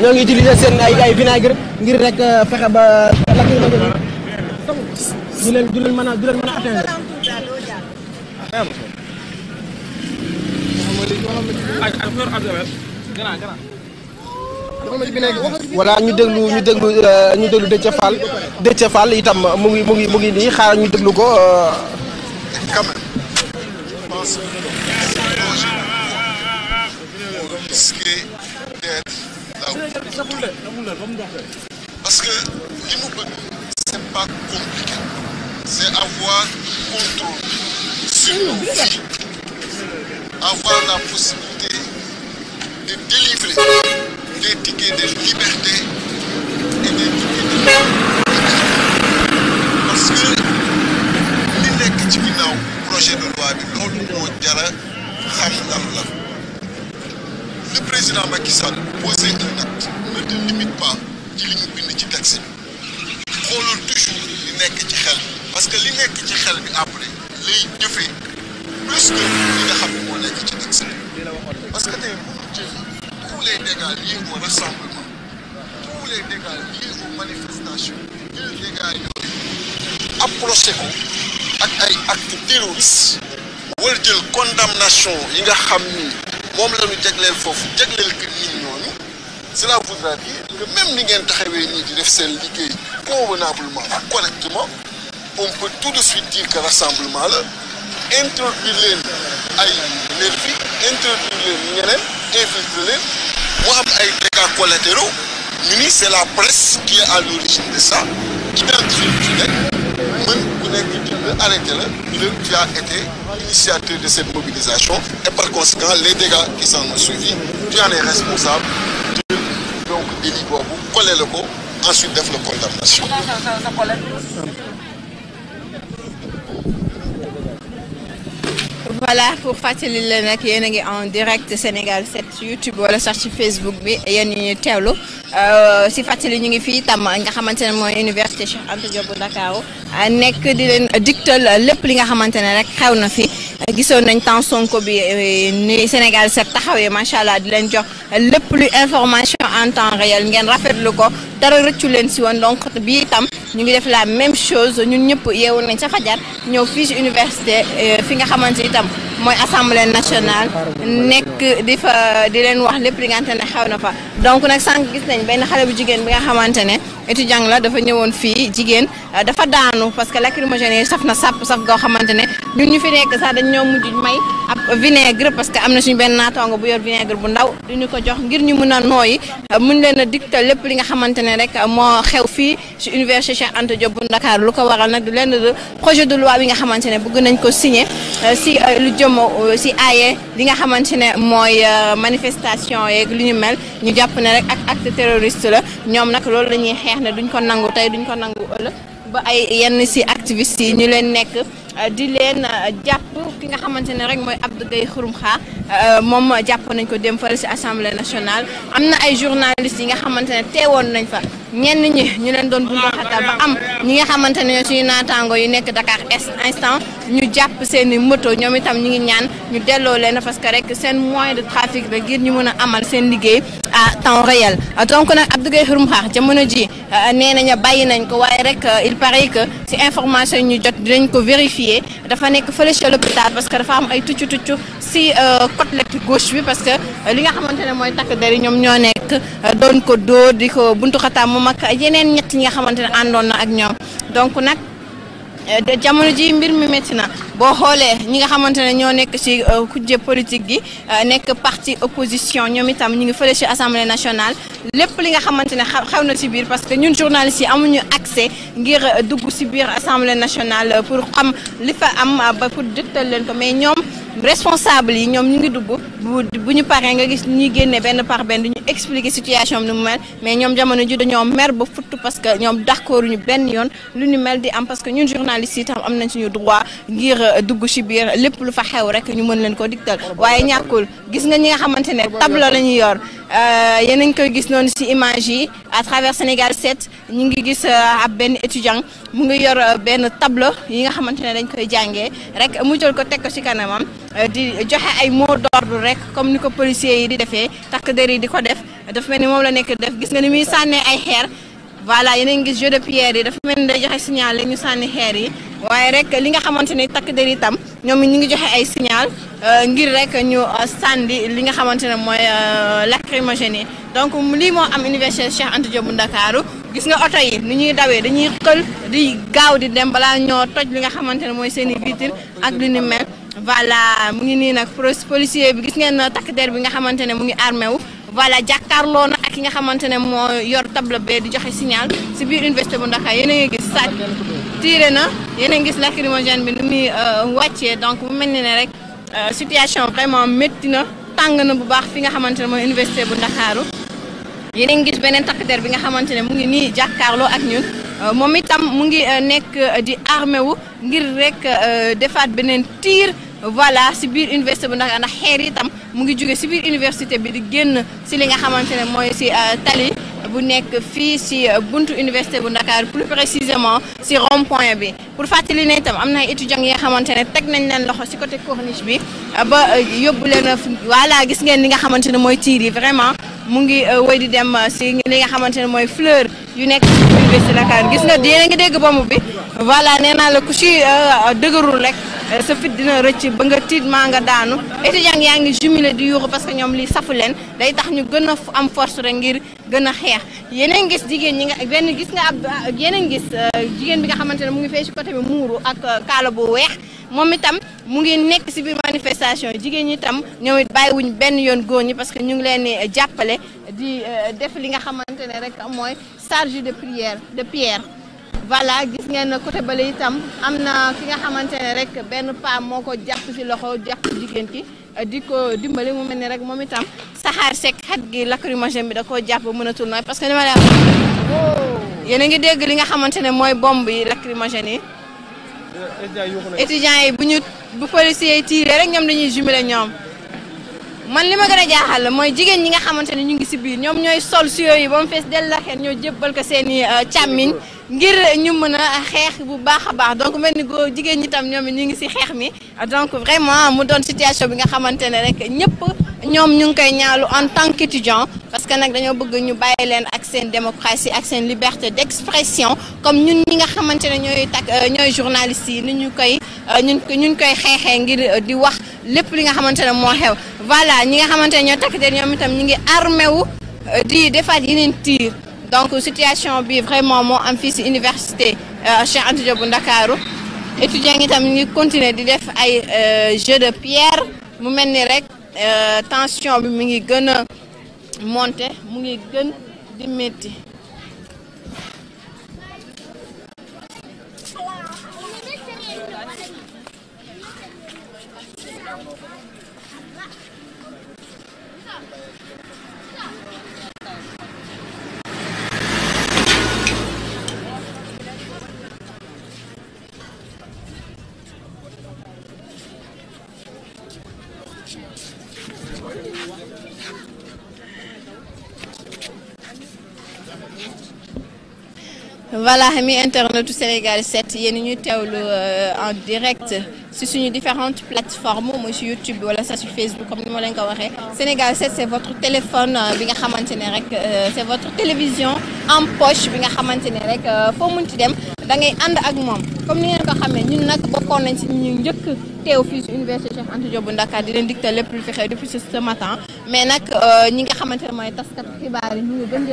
ñoo ngi utiliser seen ay ay ngir rek fexe ba du leen du leen mën a du leen mën a atteindre voilà ñu déglu ñu déglu euh, ñu déglu Déthié Fall itam mu ngi mu ngi mu ngi nii xaaral ñu déglu ko. Euh, Parce que li mu bëgg c'est compliqué c'est avoir la possibilité de délivrer li nekk ci ginnaaw projet de loi bi loolu moo jara xam lan la le président Macky Sall posé un acte ne te limite bind ci texte bi xoolul toujours li nekk ci xel parce que li nekk ci xel bi après lay jëfee plus que nga xam ne moo nekk ci texte bi tous les dégâts liés au ak ay acte terroriste wala jël condamnation yi nga xam ni moom la ñu jagleel foofu jagleel que nit ñooñu cela voudra dire que même ni ngeen taxawee nii di def seen liggéey convenablement correctement on peut tout de suite dire que rassemblement la introduire leen ay nervi introduire leen ñeneen infiltré leen mu am ay dégâts collatéraux ñu ni c'est la presse qui est à l'origine de ça identifié ku ci nekk mën ku nekk dina arrêté la tu as été initiateur de cette mobilisation et par conséquent les dégâts qui s'en ont suivi tu en es responsable de donc délit boobu collé la ko ensuite def la voilà pour fàttali la nag yéen a ngi en direct Sénégal 7 YouTube wala sax ci Facebook bi yéen ñu teewlu Euh, si fàttali ñu ngi fii tam nga xamante ne mooy université Cheikh Anta Diop bu Ndakaaru euh, nekk di leen diktal lépp li nga xamante ne rek xew na fi gisoon nañ temps Sonko bi euh, ni Sénégal set taxawee macha allah di leen jox lépp lu information en temps réel ngeen rafetlu ko dara rëccu leen si woon donc bii itam ñu ngi def la même chose ñun ñëpp yeewu nañ sa fajar ñëw fii si université fi nga xamante itam mooy assemblée nationale nekk di fa di leen wax lépp li ne xew na fa. donc nag sànq gis nañ benn xale bu jigéen bi nga xamante ne étudiant la dafa ñëwoon fii jigéen euh, dafa daanu parce que lacrymogène yi saf na sàpp saf goo xamante ne ñu fi nekk sax dañ ñoo mujj may ab vinaigre parce que am na suñu benn naatongo bu yor vinaigre bu ndaw di ñu ko jox ngir ñu mun a nooyi euh, mun leen a dictal lépp li nga xamante ne rek euh, moo xew fii si université Cheikh Anta Diop bu Ndakaar lu ko waral nag du lenn de projet de loi bi nga xamante ne bëgg nañ ko signer si lu jëm si aaye li nga xamante ne mooy manifestation yeeg lu ñu mel ñu jàpp ne rek ak acte la ñoom nag loolu neex ne duñ ko nangu tey duñ ko nangu ëllëg ba ay yenn ci activistes yi ñu leen nekk di leen euh, jàpp ki nga xamante ne rek mooy Abdou Gueye Xrum Xax euh, moom jàpp nañ ko dem fële si assemblée nationale am na ay journalistes yi nga xamante ne woon nañ fa ñenn ñi ñu leen doon bu xatal ba am ñi nga xamante ne ñoo suñu naataango yu nekk Dakar instant ñu jàpp seen i moto ñoom itam ñu ngi ñaan ñu delloo leen parce que rek seen moyen de trafic ba ngir ñu mën a amal seen liggéey à temps réel donc nag Abdou Gueye Xrum Xax jamono ji euh, nee nañ ko waaye rek identifié dafa nekk fële ca l'hôpital parce que dafa am ay tuccu tuccu si euh, côtelette gauche bi parce que euh, li nga xamante ne mooy takk dari ñoom ñoo nekk euh, doon ko dóor di ko buntu xataam moom ak yeneen ñett ñi nga xamante ne àndoon na ak ñoom donc nag Eh, jamono ji mbir mi métti na boo xoolee ñi nga xamante ne ñoo nekk ci eh, kujje politique gi eh, nekk parti opposition ñoom itam ñu ngi fële ci assemblée nationale lépp li nga xamante ne xew na ci biir parce que ñun journalistes yi amuñu accès ngir dugg ci biir assemblée nationale pour xam li fa am ba pour dëgtal leen ko mais ñoom responsable yi ñoom ñu ngi dugg bu ñu paree nga gis ñuy génne benn par benn ñu expliquer situation bi mu mel mais ñoom jamono ji dañoo mer ba futt parce que ñoom d'accord ñu benn yoon lu ñu mel di am parce que ñun journalistes yi tam am nañ suñu droit ngir euh, dugg ci biir lépp lu fa xew rek ñu mën leen ko digtal waaye ñàkkul gis nga ñi nga xamante ne tableau la ñu yor euh, yéen a ngi koy gis noonu ci image yi à travers Sénégal set ñu ngi gis euh, ab benn étudiant mu ngi yor benn tableau yi nga xamante ne dañ koy jàngee rek mu jël ko teg ko ci kanamam Euh, di joxe ay mot d'ordre rek comme ni ko policiers yi di defee takk der yi di ko def dafa mel ni moom la nekk def gis nga ni muy sànnee ay xeer voilà yéen a ngi gis jeu de pierre yi dafa mel ni day joxe signal la ñu sànni xeer yi waaye rek li nga xamante ni takk yi tam ñoom ñu ngi joxe ay signal euh, ngir rek ñu euh, sànni li nga xamante ne mooy lacrymogène yi donc lii moo am université Cheikh Anta Diop Ndakaaru gis nga oto yi ni ñuy dawee dañuy xël di gaaw di dem balaa ñoo toj li nga xamante ne mooy seen i vitre ak li ni mel. voilà mu ngi nii nag policier bi gis ngeen takk der bi nga xamante ne mu ngi armé wu. voilà jàkkaarloo na ak ki nga xamante ne moo yor table bee di joxe signal si biir université bu Ndakaaru yéen a ngi gis sàcc tiire na yéen a ngi gis lacrymogène bi ni muy euh, wàccee donc mu mel ni ne rek euh, situation vraiment métti na tàng na bu baax fi nga xamante ne mooy université bu Ndakaaru yéen ngi gis beneen takk der bi nga xamante ne mu ngi nii jàkkaarloo ak ñun euh, moom itam mu ngi euh, nekk euh, di armé wu ngir rek defaat beneen tiir voilà si biir université bu Ndakaaru ndax xeer itam mu ngi jóge si biir université bi di génn si li nga xamante ne mooy si tali bu nekk fii si euh, buntu université bu Dakar plus précisément ci rond point bi pour fàttali ne itam am na ay étudiants yoo xamante ne teg nañ leen loxo si côté corniche bi euh, ba euh, yóbbu leen voilà gis ngeen li nga xamante ne mooy tiir yi vraiment mu ngi wéy di dem ci li nga xamante ne mooy fleur. yu nekk ci université Dakar gis nga yéen a ngi dégg bomb bi voilà nee naa la ku ci euh, dëgërul rek euh, sa fit dina rëcc ba nga tiit maa nga daanu étudiant yaa ngi jumelé di yuuxu parce que ñoom li safu leen day tax ñu gën a am force rek ngir gën a xeex yeneen gis jigéen ñi nga benn gis nga ab euh, yeneen gis jigéen bi nga xamante ne mu ngi fee ci côté bi muuru ak kaala bu weex moom itam mu ngi nekk ci biir manifestation jigéen ñi itam ñoom it bàyyiwuñ benn yoon góor ñi parce que ñu ngi leen di jàppale di def li nga xamante ne rek mooy charge de prière de pierre voilà gis ngeen na côté bale itam am na ki nga xamante ne rek benn paa moo ko jàpp ci loxo jàpp jigéen ki di ko dimbali mu mel ni rek moom itam saxaar sek xat gi lacrymogène bi da koo jàpp mënatul nooy parce que ni ma la oh. yéen a ngi dégg li nga xamante ne mooy bomb yi lacrymogène yi euh, étudiants yi bu ñu bu policiers yi tiiree rek ñoom dañuy jumelé ñoom man li ma gën a jaaxal mooy jigéen ñi nga xamante ne ñu ngi si biir ñoom ñooy sol si yooyu ba mu fees dell la xeen ñoo jébbal ko seen i euh, càmmiñ ngir ñu mën a xeex bu baax a baax donc mel ni góor jigéen ñi tam ñoom ñu ngi si xeex mi donc vraiment mu doon situation bi nga xamante ne rek ñëpp ñoom ñu ngi koy ñaalu en tant qu'étudiant parce que nag dañoo bëgg ñu bàyyi leen ak seen démocratie ak seen liberté d'expression comme ñun ñi nga xamante ne ñooy tak euh, ñooy journalistes yi ni ñu koy euh, ñun ñu koy xeexee ngir euh, di wax lépp li nga xamante ne moo xew voilà ñi nga xamante ne ñoo takk de ñoom itam ñu ngi armé wu di defaat yeneen tiir donc situation bi vraiment moo am fii si université Cheikh Anta bu Ndakaaru étudiants yi itam ñu ngi continuer di def ay jeu de pierre mu mel ni rek Euh, tension bi mu ngi gën a monter mu ngi gën di métti voilà mi internet u Sénégal 7 yéen ñu teew teewlu euh, en direct si suñu différentes plateformes mooy su YouTube wala sa si Facebook comme ni ma leen ko waxee Sénégal 7 c'est votre téléphone euh, bi nga xamante ne rek euh, c'est votre télévision en poche bi nga xamante ne rek foo munti dem da ngay ànd ak moom comme ni ngeen ko xamee ñun nag bokkoon nañ si ñu njëkk teew fii si université Cheikh Anta bu Ndakaar di leen dictal lépp lu fi xew depuis ce matin mais nag ñi nga xamante ne mooy taskat xibaar yi ñu ngi gën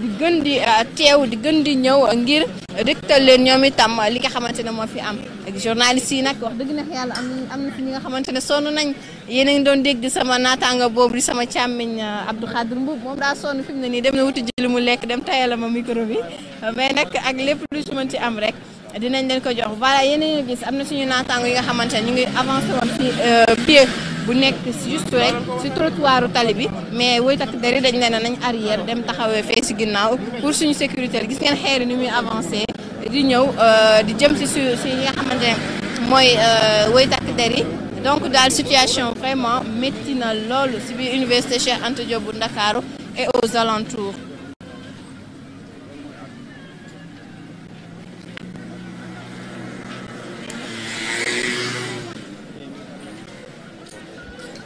di gën di euh, teew di gën di ñëw ngir dëgtal leen ñoom itam li nga xamante ne moo fi am ak journaliste yi nag wax dëgg neex yàlla am na fi ñi nga xamante ne sonn nañ yéen a ngi doon dégg sama naataanga boobu di sama càmmiñ euh, Abdou Khadir Mboub moom daa sonn fi mu ne nii dem na wuti ji li mu lekk dem tayala ma micro bi mais nag ak lépp lu ci mën ci am rek dinañ leen ko jox voilà yéen a gis am na suñu naataango yi nga xamante ne ñu ngi avancé woon euh, bu nekk juste rek si trottoiru tali bi mais woy takk deri dañ leen nañ arrière dem taxawee fee si ginnaaw pour suñu sécurité gis ngeen xeer ni muy avancé di ñëw euh, di jëm si su si nga xamante ne mooy euh, woy takk deri donc daal situation vraiment métti na loolu si biir université Cheikh Anta Diop bu Ndakaaru et aux alentours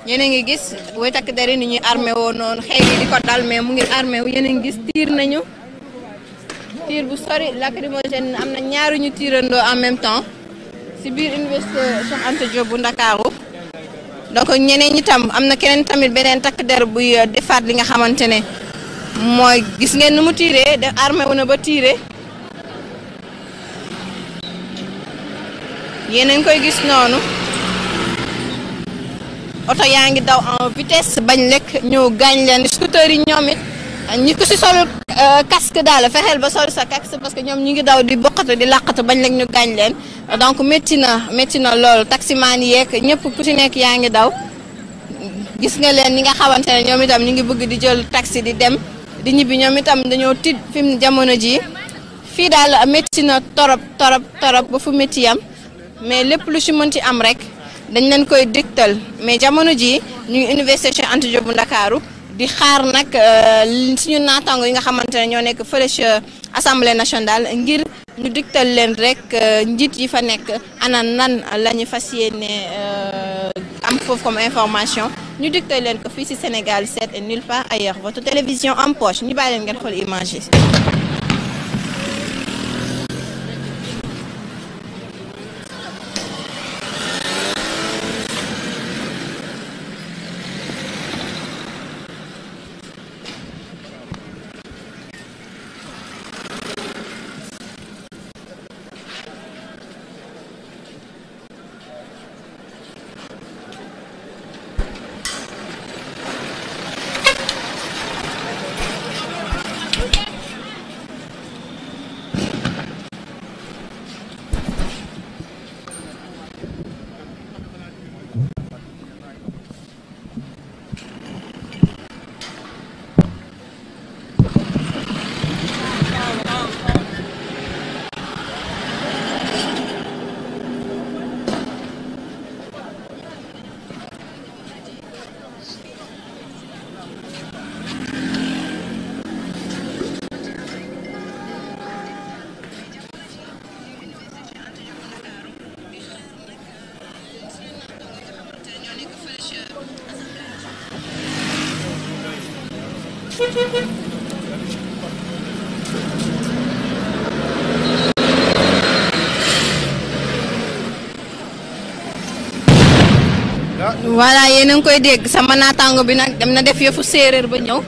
yéen ngi gis way takk deri ni ñuy armé woo noonu xëy yi di ko dal mu ngi armé wu yéen gis tiir nañu tiir bu sori lacrymogène am na ñaari ñu tiirandoo en même temps si biir université Cheikh Anta bu Ndakaaru donc ñeneen ñi am na keneen tamit beneen takk der buy defaat li nga xamante ne mooy gis ngeen nu mu tiiree def armé na ba tiire yéen koy gis noonu oto yaa ngi daw en vitesse bañ lekk ñëw gaañ leen scooter yi ñoom it ñi ko si sol euh, casque daal fexeel ba sol sa casque parce que ñoom ñu ngi daw di bokkatu di làqatu bañ lekk ñu gaañ leen donc métti na métti na loolu taximaan yeeg ñëpp ku ci nekk yaa ngi daw gis nga leen ñi nga xamante ne ñoom itam ñu ngi bëgg di jël taxi di dem di ñibbi ñoom itam dañoo tiit fi mu jamono jii fii daal métti na torop torop torop ba fu métti am mais lépp lu ci mën ci am rek. dañ leen koy digtal mais jamono ji ñu ngi université Cheikh Anta bu Ndakaaru di xaar nag euh, suñu naataango yi nga xamante ne ñoo nekk fële ca assemblée nationale ngir ñu digtal leen rek euh, njiit yi fa nekk ana nan la ñu fas yéene euh, am foofu comme information ñu digtal leen ko fii ci Sénégal set et nulle part ailleurs votre télévision en poche ñu bàyyi leen ngeen xool image voilà yéen a ngi koy dégg sama naataango bi nag dem na def yëfu séeréer ba ñëw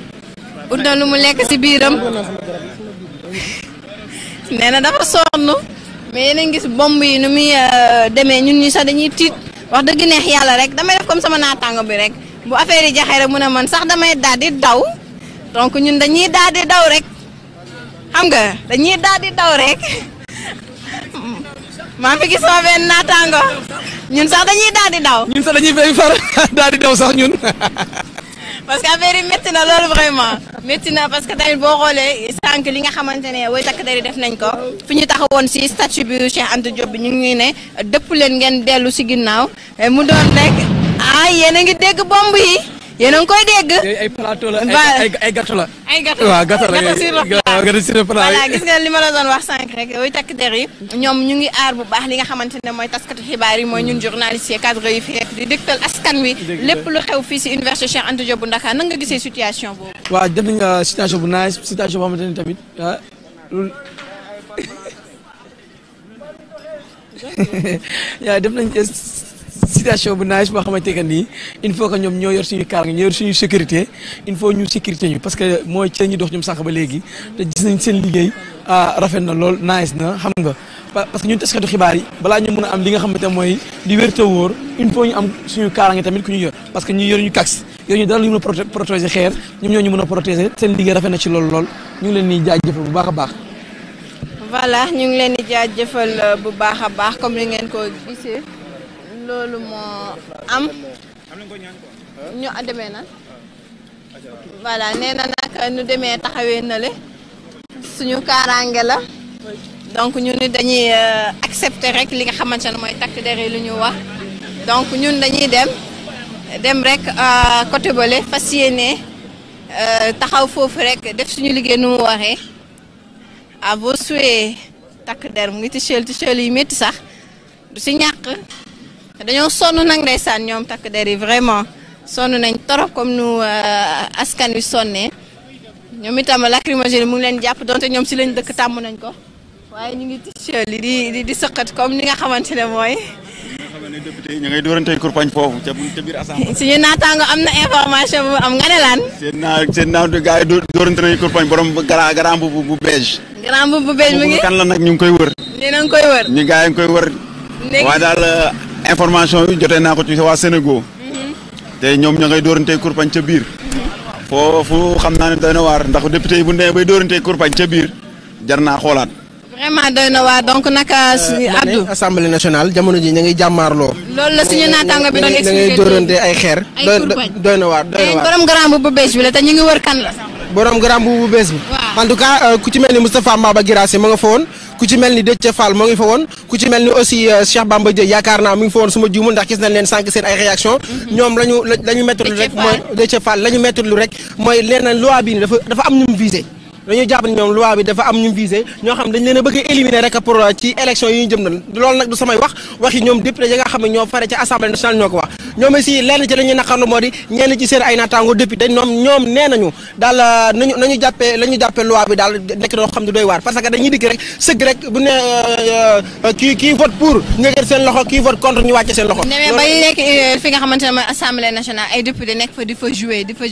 ut na lu mu lekk ci biiram nee na dafa sonn mais yéen a ngi gis bomb yi nu muy euh, demee ñun ñu sax dañuy tiit wax dëgg neex yàlla rek damay def comme sama naataango bi rek bu affaire yi jaxee rek mu ne man sax damay daal di daw donc ñun dañuy daal di daw rek xam nga dañuy daal di daw rek maa fi gis sama naataango. ñun sax dañuy daal di daw. ñun sax dañuy fay far daal di daw sax ñun. parce que affaire yi métti na loolu vraiment metti na parce que tamit boo xoolee sànq li nga xamante ne way takk dari def nañ ko fi ñu taxawoon si statue bi Cheikh Anta Diop bi ñu ngi ne dëpp leen ngeen dellu si ginnaaw eh, mu doon rek ah yéen a ngi dégg bomb yi. yéen a ngi koy dégg. ay plateau la ay ay la. ay gâteau la gâteau sur le plat voilà gis nga li ma la doon wax sànq rek yooyu takk der yi. ñoom ñu ngi aar bu baax li nga xamante ne mooy taskatu xibaar yi mooy ñun journaliste yi cadre yi fi nekk di dégtal askan wi. lépp lu xew fii si université Cheikh Anta Diop bu Ndakaar nan nga gisee situation boobu. waaw jot nga euh, situation bu naaj situation boo xamante ne tamit ah def nañ ci situation bu naaj boo xamante ne nii il faut que ñoom ñoo yor suñu kaaraange ñoo yor suñu sécurité il faut ñu sécurité ñu parce que mooy ci lañuy dox ah, ñu mën a am li nga xamante mooy li wér te wóor il faut ñu am suñu kaaraange tamit ku ñu yor parce que ñu yor ñu kax yor ñu dara ñu mën a protéger xeer ñoom ñoo ñu mën a protéger seen liggéey rafet na ci lool lool ñu ngi leen di jaajëfal bu baax a baax voilà ñu euh, ngeen ko gisee loolu moo am ñu demee na voilà nee na nag ñu demee taxawee na le suñu kaaraange la donc ñu ni dañuy euh, accepter rek li nga xamante ne mooy takk der yi lu ñu wax donc ñun dañuy dem dem rek euh, côté bële fas yéene euh, taxaw foofu rekk def suñu liggéey nu mu waxee à vos souhaits takk der mu ngi tichel tichel yu métti sax du si ñàkk dañoo sonn nag ndeysaan ñoom takk der yi vraiment sonn nañ torop comme nu euh, askan wi sonnee ñoom itam lacrymogène mu ngi leen jàpp donte ñoom si leen dëkk tàmm nañ ko waaye ñu ngi ticceel li di di sëqat comme ni nga xamante ne mooy. député ñu ngay dóorante kurpañ foofu ca biir assemblée. suñu naataango am na information bu am nga ne laan. seen naa seen naa gars kurpañ borom grand bu bu beige. grand bu bu beige mu ngi kan la nag ñu ngi koy wër. na nga koy wër. ñu gars yi ngi koy wër. waaye daal. Euh, information bi jotee naa ko ci waa Sénégal mhm. te ñoom ña ngay dóorante kurpañ ca biir mhm. foofu xam naa ne doy na waar ndax député yi bu ndee bay dóorante kurpañ ca biir jar naa xoolaat. doy na waar donc naka euh, si Abdou. assemblée nationale jamono ji ña ngi jàmmaarloo. loolu la suñu naataango bi doon expliqué da ngay dóorante ay xeer. ay kurpañ doy na waar doy na waar. borom garam bu bees bi la te ñu ngi wër kan la. borom garam bu bees bi. en tout cas euh, ku ci mel ni Moustapha Mbaba Guirassy ku ci mel ni Déthié Fall moo ngi fa woon ku ci mel ni aussi euh, Cheikh Bamba Dièye yaakaar naa mu ngi fa woon suma juumul ndax gis nañ leen san seen ay réaction mhm. ñoom lañu lañu mettre lu rek mooy Déthié Fall lañu mettre rek mooy leen loi bi ni dafa dafa am ñu mu visé dañuy jàpp ne bi dafa am ñu visé ñoo xam dañ leen a bëgg a rek pour euh, ci élection yi ñu jëm nan loolu nag du samay wax waxi ñoom député yi nga xam ne ñoo fare ci assemblée nationale ñoom nee nañu daal euh, nañu nañu jàppee bi daal nekk loo xam ne doy waar parce que dañuy dikk rek sëgg rek bu ne euh, kii vote pour ñu seen loxo kii vote contre ñu wàcce seen loxo demee ba léegi fi nga xamante assemblée nationale ay député nekk fa di fa jouer di fa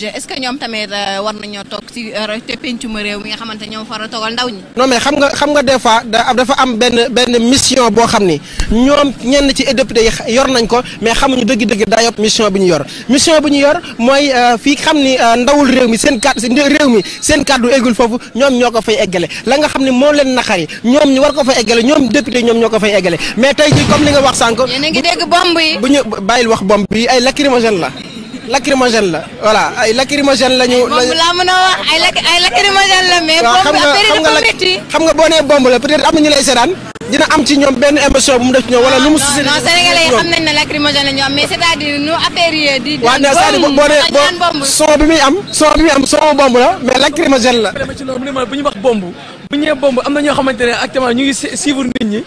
mi nga xamante ñoo faral toogal ndaw ñi. non mais xam nga xam nga des fois dafa am benn benn mission boo xam ni ñoom ñenn ci député yi yor nañ ko mais xamuñu dëgg-dëgg daa yop mission bi ñu yor mission bu ñu yor mooy euh, fii xam ni euh, ndawul réew mi seen kàddu réew mi seen kàddu eggul foofu ñoom ñoo ko fay eggale la nga xam ne moo leen naqari ñoom ñu war ko fay eggale ñoom député ñoom ñoo ko fay eggale mais tey ji comme li nga wax sànq. yéen a ngi dégg bomb yi. bu ñu bàyyil wax bomb bi ay lacrymogène la. lacrymogène la voilà ay lacrymogène la ñu. moom mën a wax ay lac la mais. waaw xam bomb la peut-être am na ñu lay seetaan. dina am ci ñoom benn émission bu mu def ci ñoom wala lu mu. Ah, si la mais cest à nu affaire yi di. waaw ne c'est-à-dire boo nee son bi muy am. son bi muy am son bomb la mais lacrymogène la. bu ñu wax bomb. bu ñëwee bomb am na ñoo xamante ne actuellement ñu ngi suivre nit ñi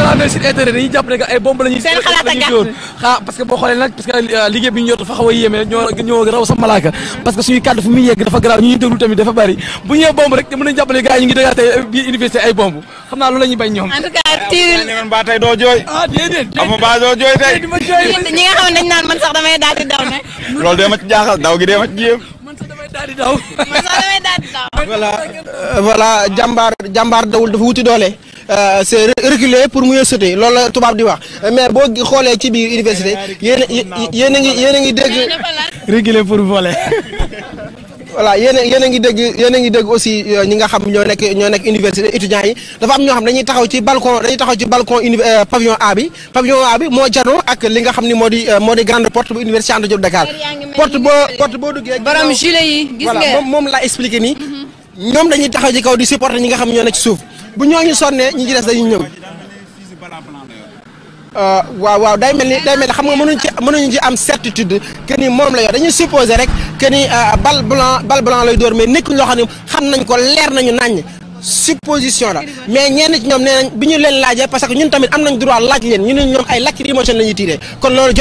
à jàpp ne que ay bomb la ñuy dóor xaa euh, a yéeme ñi nga xam naan man sax damay daal daw ne loolu dee ma jaaxal daw gi dee ma ci voilà euh, voilà jàmbaar jàmbaar dawul dafa wuti doole. Euh, c'est reculé pour mieux sauter loolu la tubaab di wax mais boo gi xoolee ci biir université yéen a yéen a ngi ngi dégg. reculé pour voler. voilà yéen a yéen ngi dégg yéen a ngi dégg aussi euh, ñi nga xam ñoo nekk ñoo nekk université étudiants yi dafa am ñoo xam dañuy taxaw ci balcon dañuy euh, pavillon A bi pavillon A bi moo janoo ak li nga xam ni moo di euh, moo di grande porte bu université Anta Diop Dakar porte boo porte boo duggee borom gilet yi moom moom laa expliqué nii mm-hmm. ñoom dañuy taxaw ci kaw di supporter ñi nga xam ñoo nekk ci suuf bu ñooñu sonnee ñi ci dañuy ñëw Euh, waaw waaw day mel ni day mel ni xam nga mënuñ ci mënuñ ci am certitude que ni moom la yor dañuy supposer rek que ni euh, bal blanc bal blanc lay dóor mais nekkuñ loo xam ne xam nañ ko leer nañu naññ supposition la mais ñenn ci ñoom nee nañ bi ñu leen laajee parce que ñun tamit am nañ droit laaj leen ñu ne ñoom ay lacrymogène la ñuy tiiree kon loolu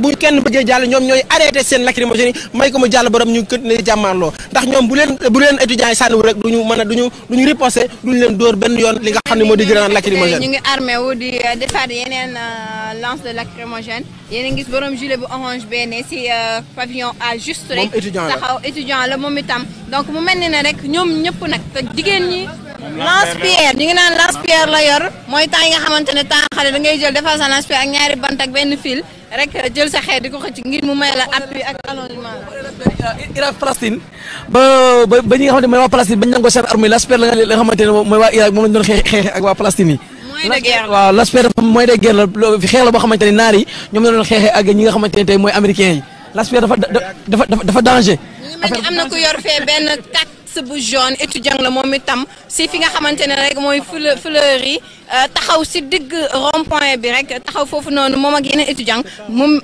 bu ñu kenn bëggee jàll ñoom ñooy arrêté seen lacrymogène yi may ko mu jàll borom ñu gën a jàmmaarloo ndax ñoom bu leen bu yi sànniwu rek duñu mën a duñu duñu riposté duñu leen dóor benn yoon li nga xam ne moo di grenade lacrymogène. ñu ngi armé di euh, defaat yeneen euh, lance de lacrymogène. yéen a ngi gis borom gilet bu orange benn si euh, pavillon à juste rek. taxaw étudiant la moom itam. donc mu mel ni ne rek ñoom ñëpp nag te jigéen ñi. lance pierre ñu ngi naan lance pierre la yor. mooy temps yi nga xamante ne temps xale da ngay jël defal sa lance pierre ak ñaari bant ak benn fil. rek jël sa xeet di ko xëcc ngir mu may la appui ba ba ba ñi mooy waa Palestine moom la ñoom xeexee ak ñi nga xamante mooy américain yi l'ASPER dafa dafa dafa danger. am na ku yor fee benn tàkk së bu jaune étudiant la moom itam si fi nga xamante ne rek mooy fleur fleur yi euh, taxaw si digg rond bi rek taxaw foofu noonu moom ak yeneen étudiant moom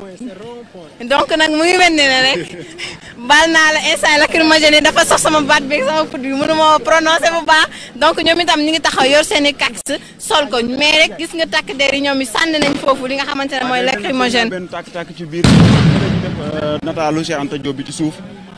donc nag muy ngi mel ni ne rek baal naa la instant lacrymogène dafa sax sama baat bi sama put bi mënu ma bu baax donc ñoom itam ñu ngi taxaw yor seen i kaks sol ko mais rek gis nga takk der yi ñoom i sànn nañ foofu li nga xamante ne mooy lacrymogène benn tàkk-tàkk ci biir euh, nataalu Cheikh Anta Diop bi ci suuf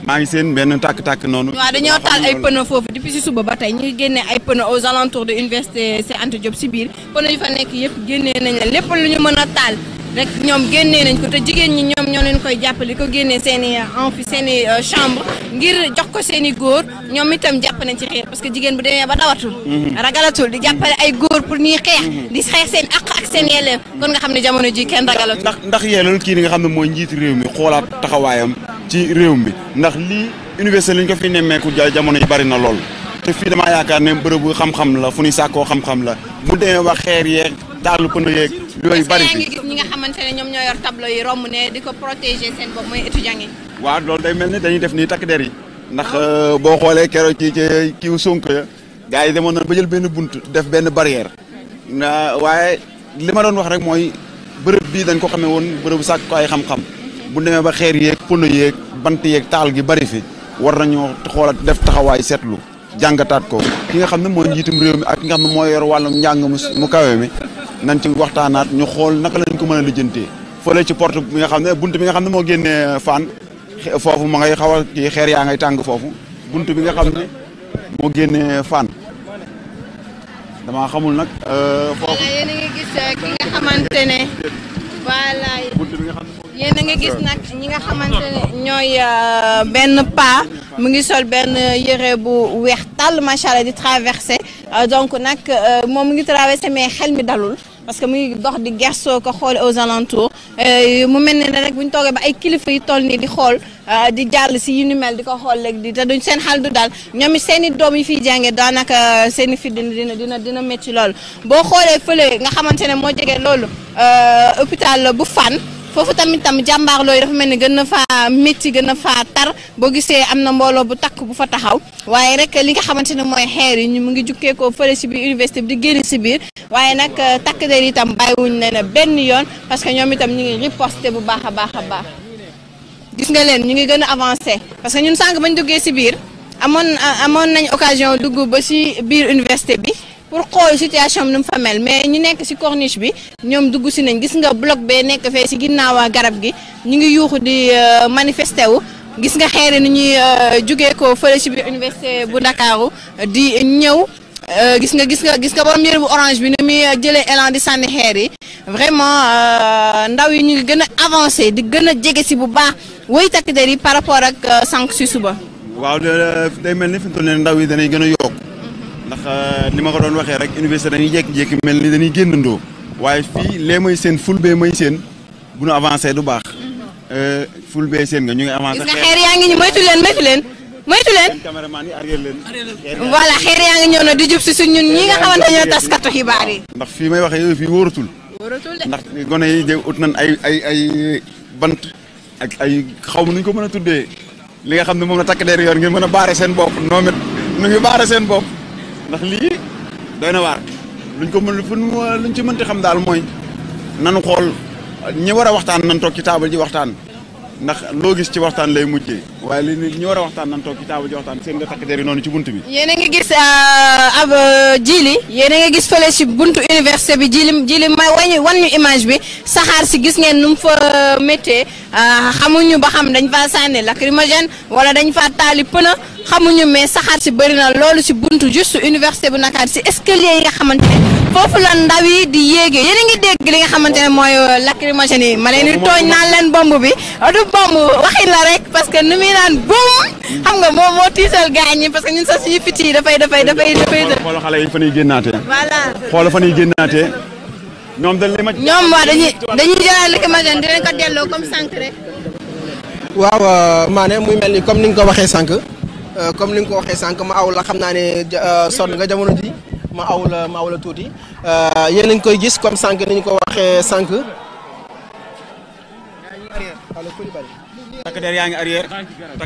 maa ngi seen benn tàkk-tàkk noonu. waaw dañoo taal ay pneu foofu depuis si suba ba tey ñu génne ay pneu aux alentours de université Cheikh Anta Diop si biir pneu yu fa nekk yëpp génnee nañ la lépp lu ñu mën a taal. rek ñoom génnee nañ ko te jigéen ñi ñoom ñoo leen koy jàppale ko génnee seen i enfi seen i euh, chambre ngir jox ko seen i góor ñoom itam jàpp nañ ci xeex parce que jigéen bu demee ba dawatul mhm. ragalatul di jàppale ay góor ñuy xeex mhm. di xeex seen ak seen yelleef kon nga xam ne jamono ji kenn ragalatul ndax ndax yeelul kii ni nga xam ne mooy njiitu réew mi xoolaat taxawaayam ci réew mi ndax lii université lañ ko fi nemmeeku jamono yi bari na lool te fii damaa yaakaar ne bërëbu xam-xam la fu ñuy sàkkoo xam-xam la bu demee wax xeer yeeg taalu pënd yeeg yooyu bari fi ngi gis ñi waaw loolu day mel ni dañuy def nii takk der yi ndax euh, boo xoolee keroog ci ci kiiw Sonko yi demoon na ba jël benn bunt def benn barrière waaye li ma doon wax rek mooy bërëb bii dañ ko xamee woon bërëb sàkk ko ay xam-xam bu demee ba xeer yeeg pënd yeeg bant yéeg taal gi bari fi war nañoo xoolaat def taxawaay seetlu jàngataat ko ki nga xam ne moo njiitum réew mi ak ki nga xam ne mooy yor wàllum njàng mu kawe mi nañ ci waxtaanaat ñu xool naka lañ ko mën a lijjantee fële ci porte bi nga xam ne bunt bi nga xam ne moo génnee fan foofu xaw a kii xeer yaa ngay tàng foofu bunt bi nga xam ne moo génnee fan damaa xamul nag euh, euh, ki nga xamante ne yéen nga gis nag ñi nga xamante ne ñooy euh, benn pa mu ngi sol benn yére bu weex tàll macha allah di traversé euh, donc nag euh, moom mu ngi traversé mais xel mi dalul parce que mu ngi dox di gersoo ko xool aux alentours mu mel ne rek bu ñu toogee ba ay kilifa yi toll nii di xool di jàll si yu ni mel di ko xool léegi di te duñ seen xal du dal ñoom it seen i doom yi fiy jàngee daanaka seen i fi dina dina dina métti loolu boo xoolee fële nga xamante ne moo jege loolu hôpital bu Fann foofu tamit tam jàmbaar looyu dafa mel ni gën na faa métti gën na faa tar boo gisee am na mbooloo bu takk bu fa taxaw waaye rek li nga xamante ne mooy xeer yi ñu mu ngi jukkee ko fële si biir université bi di génn si biir waaye nag euh, takk der itam bàyyiwuñ leen benn yoon parce que ñoom itam ñu ngi riposté bu baax a baax a baax gis nga leen ñu ngi gën a avancé parce que ñun sànq bañ duggee si biir amoon euh, amoon nañu occasion dugg ba si biir université bi pour xool situation bi nu mu fa mel mais ñu nekk ci corniche bi ñoom dugg ci nañ gis nga bloc bee nekk fee ci ginnaaw garab gi ñu ngi yuuxu di euh, manifesté wu gis nga xeeri ni ñuy euh, jugee ko fële ci biir université bu Ndakaaru di ñëw euh, gis nga gis nga gis nga borom yére bu orange bi ni muy jëlee élan di sànni xeer yi vraiment ndaw yi ñu ngi gën a avancé di gën a jege ci bu baax woy takk der yi par rapport ak sànq si suba. waaw day mel ni fi ndaw yi danañ gën a yokk. ndax euh, ni ma ko doon waxee rek université dañuy jékki-jékki mel ni dañuy génnandoo waaye fii lee mooy seen fulbee mooy seen bu nu avancé du baax euh, fulbee seen nga ñu ngi avancé. gis nga xeer yaa ngi leen moytu leen. moytu leen caméraman yi leen voilà xeer na di jub si suñ ñun ñi nga xamante ñoo taskatu xibaar yi ndax fii may waxee fii wóoratul wóoratul de ndax gone yi de ut nañ ay ay ay bant ak ay xaw ma nuñ ko mën a tuddee li nga xam ne moom la takk der yor ngeen mën a baare seen bopp noomit nu ngi baare seen bopp ndax lii doy na waar luñ ko mën luñ ci mënti xam daal mooy nanu xool ñi war a waxtaan nan toog ci taabal ji waxtaan ndax loo gis ci waxtaan lay mujjee. waaye li ñu war a waxtaan nan toog ci taabal ji waxtaan seen nga takk der noonu ci bunt bi yéen a ngi gis euh, ab euh, jili yéen a ngi gis fële si buntu université bi jili jili may wañu wan ñu image bi saxaar si gis ngeen nu fa euh, méttee xamuñu ba xam dañ faa sànni lacrymogène wala dañ faa taali pëna xamuñu mais saxaar si bëri na loolu si buntu juste université bu Ndakaar si escalier yi nga xamante ne foofu la ndaw yi di yéegee yéen ngi dégg li nga xamante ne mooy lacrymogène yi ma leen di tooñ naan bi naan buum xam nga moom moo tiisal gaañ ñi parce que ñun sax suñu fit yi dafay dafay dafay dafay dë xoolal xale yi fan yi génnaatee voilà xoolal fan yi génnaatee ñoom dañ li ma ñoom waa dañuy dañuy jëlaat li ko ma gën dinañ ko delloo comme sànq rek waaw euh, maane muy mel ni comme ni nga ko waxee sànq euh, comme ni nga ko waxee sànq ma aw la xam naa ne euh, sonn nga jamono ji ma aw la ma aw la tuuti yéen a ngi koy gis comme sànq ni ñu ko waxee sànq takk yaa ngi arrière.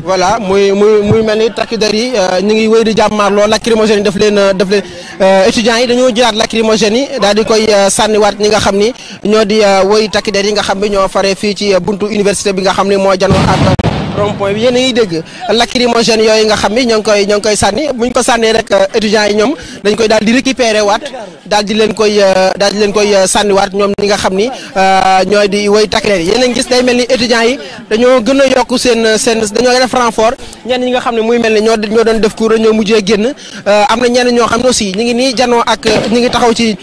voilà muy muy muy mel ni takk der yi euh, ñu ngi wéy di jàmmaarloo lacrymogène yi daf leen euh, daf leen euh, étudiants yi dañoo jëlaat lacrymogène yi daal di koy sànniwaat ñi nga xam ni ñoo di woy takk der yi nga xam ne ñoo fare fii ci buntu université bi nga xam ne moo janoo ak. rond point bi yéen a ngi dégg lacrymogène yooyu nga xam ni ñoo ngi koy ñoo ngi koy sànni bu ñu ko sànnee rek euh, étudiants yi ñoom dañ koy daal di récupérer waat daal di leen koy euh, daal di leen koy euh, sànniwaat ñoom ñi nga xam ni ñoo di woy takkileer yi yéen a gis day mel ni étudiants yi dañoo gën a yokk seen seen dañoo def renfort ñenn ñi nga xam ne muy mel ni ñoo ñoo doon def cours ñoo mujjee génn am na ñenn ñoo xam ne aussi ñu ngi nii janoo ak ñi ngi taxaw ci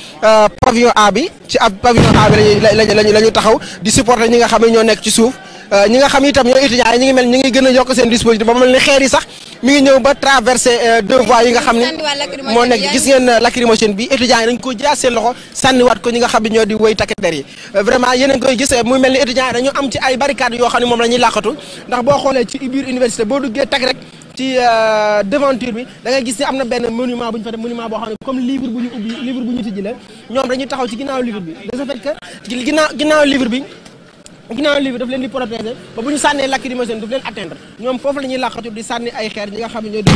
pavillon A bi ci ab pavillon A bi lañu lañu la ñu taxaw di supporter ñi nga xam ne ñoo nekk ci suuf Euh, ñi nga xam itam ñooy étudiants yi ñi ngi mel ñi ngi gën yokk seen dispositif ba mel ni xeer yi sax mi ngi ñëw ba traversé euh, deux voies yi nga xam ne moo nekk gis ngeen euh, lacrymogène bi étudiants yi dañ ko jëlaat seen loxo sànniwaat ko ñi nga xam ne ñoo di woy takk der yi vraiment yéen koy gis muy mel ni étudiants yi dañu am ci ay barricades yoo xam ne moom la ñuy làqatu ndax boo xoolee ci biir université boo duggee takk rek ci devanture bi da gis ne am na benn monument bu ñu fa def monument boo xam ne comme livre bu ñu ubbi livre bu ñu tijji la ñoom dañuy bi ginnaaw lii bi daf leen di protéger ba bu ñu sànnee lacrymogène daf leen atteindre ñoom foofu la ñuy làqatu di sànni ay xeer ñi nga xam ne ñoo di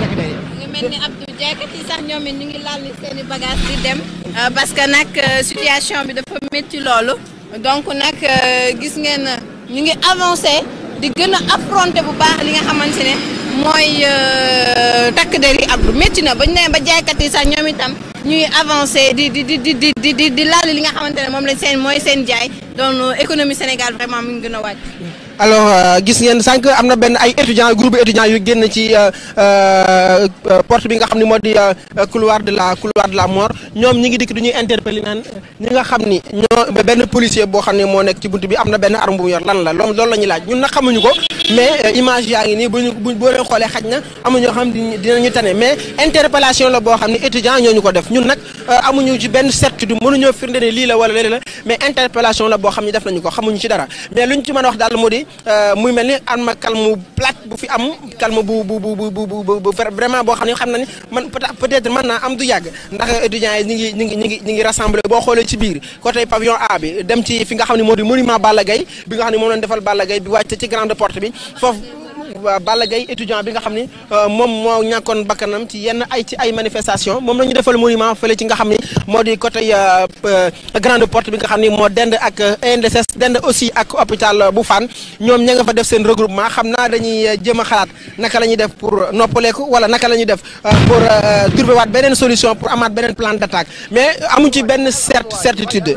fekk day nga mel ni Abdou Diakhaté sax ñoom it ñu ngi laal seen i bagage di dem parce que nag situation bi dafa métti loolu donc nag gis ngeen ñu ngi avancé di gën a affronté bu baax li nga xamante ne mooy takk der yi Abdou métti na ba ñu nee ba jaaykat sax ñoom itam ñuy avancer di di di di di di di laal li nga xamante ne moom lañ seen mooy seen jaay donc économie Sénégal vraiment mi ngi gën a wàcc. alors euh, gis ngeen sànq am na benn ay étudiants groupe étudiants yu génn ci euh, euh, porte bi nga xam ni moo di couloir de la couloir de la mort ñoom ñu ngi dikk du ñuy interpeller naan ñi nga xam ni ñoo benn policier boo xam ne moo nekk ci bunt bi am na benn arme bu mu yor lan la loolu la ñuy laaj ñun nag xamuñu ko. mais euh, image yaa ngi nii bu ñu boo leen xoolee xaj na amuñoo xam dinañu tane mais interpellation la boo xam ne étudiant ñoo ñu ko def ñun nag euh, amuñu ci benn certitude mënuñoo firnde ne lii la wala léeg la mais interpellation la boo xam ne def nañu ko xamuñu ci dara mais luñ ci mën a wax daal mu di euh, muy mel ni am bu fi am calme bu bu bu bu bu vraiment boo xam ne xam na ni man peut-être mën naa am du yàgg ndax étudiants yi ñu ngi ñu ngi ñu ngi ñu ngi rassemblé boo xoolee ci biir côté pavillon A bi dem ci fi nga xam ne moo di monument Balla Gaye bi nga xam ne moom lañ defal Balla grande porte bi foofu Balla Gaye étudiant bi nga xam ni euh, moom moo ñàkkoon bakkanam ci yenn ay ci ay manifestation moom la ñu defal monument fële ci nga xam ni moo di côté euh, euh, grande porte bi nga xam ni moo dend ak INDSS dend aussi ak hôpital bu Fann ñoom ña nga fa def seen regroupement xam naa dañuy jéem a xalaat naka la ñuy def pour noppaleeku wala naka la ñuy def pour trouver waat beneen solution pour amaat beneen plan d'attaque mais amuñ ci benn cert certitude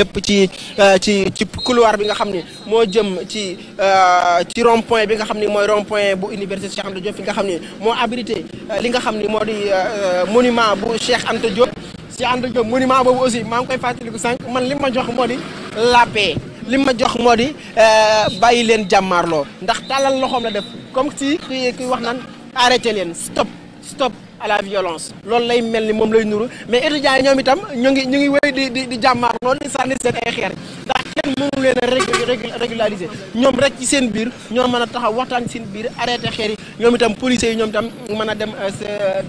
yëpp ci euh, ci ci couloir bi nga xam ni moo jëm ci euh, ci rond bi nga xam ni mooy rond point bu université Cheikh Anta Diop fi nga xam ni moo abrité euh, li nga xam ni moo di monument bu Cheikh Anta Diop. Cheikh Anta Diop monument boobu aussi maa ngi koy fàttaliku sànq man li ma jox moo di la paix li ma jox moo di bàyyi leen jàmmaarloo ndax tàllal loxoom la def comme si kuy kuy wax naan arrêté leen stop stop. à la violence loolu lay mel ni moom lay nuru mais étudiants ñoom itam ñu ngi ñu ngi wéy di di di jàmmaar loolu di sànni seen ay xeer kenn mënu leen a régulariser ñoom rek ci seen biir ñoo mën a taxaw waxtaan seen biir arrêté xeer yi ñoom itam policiers yi ñoom itam mën a dem euh, euh,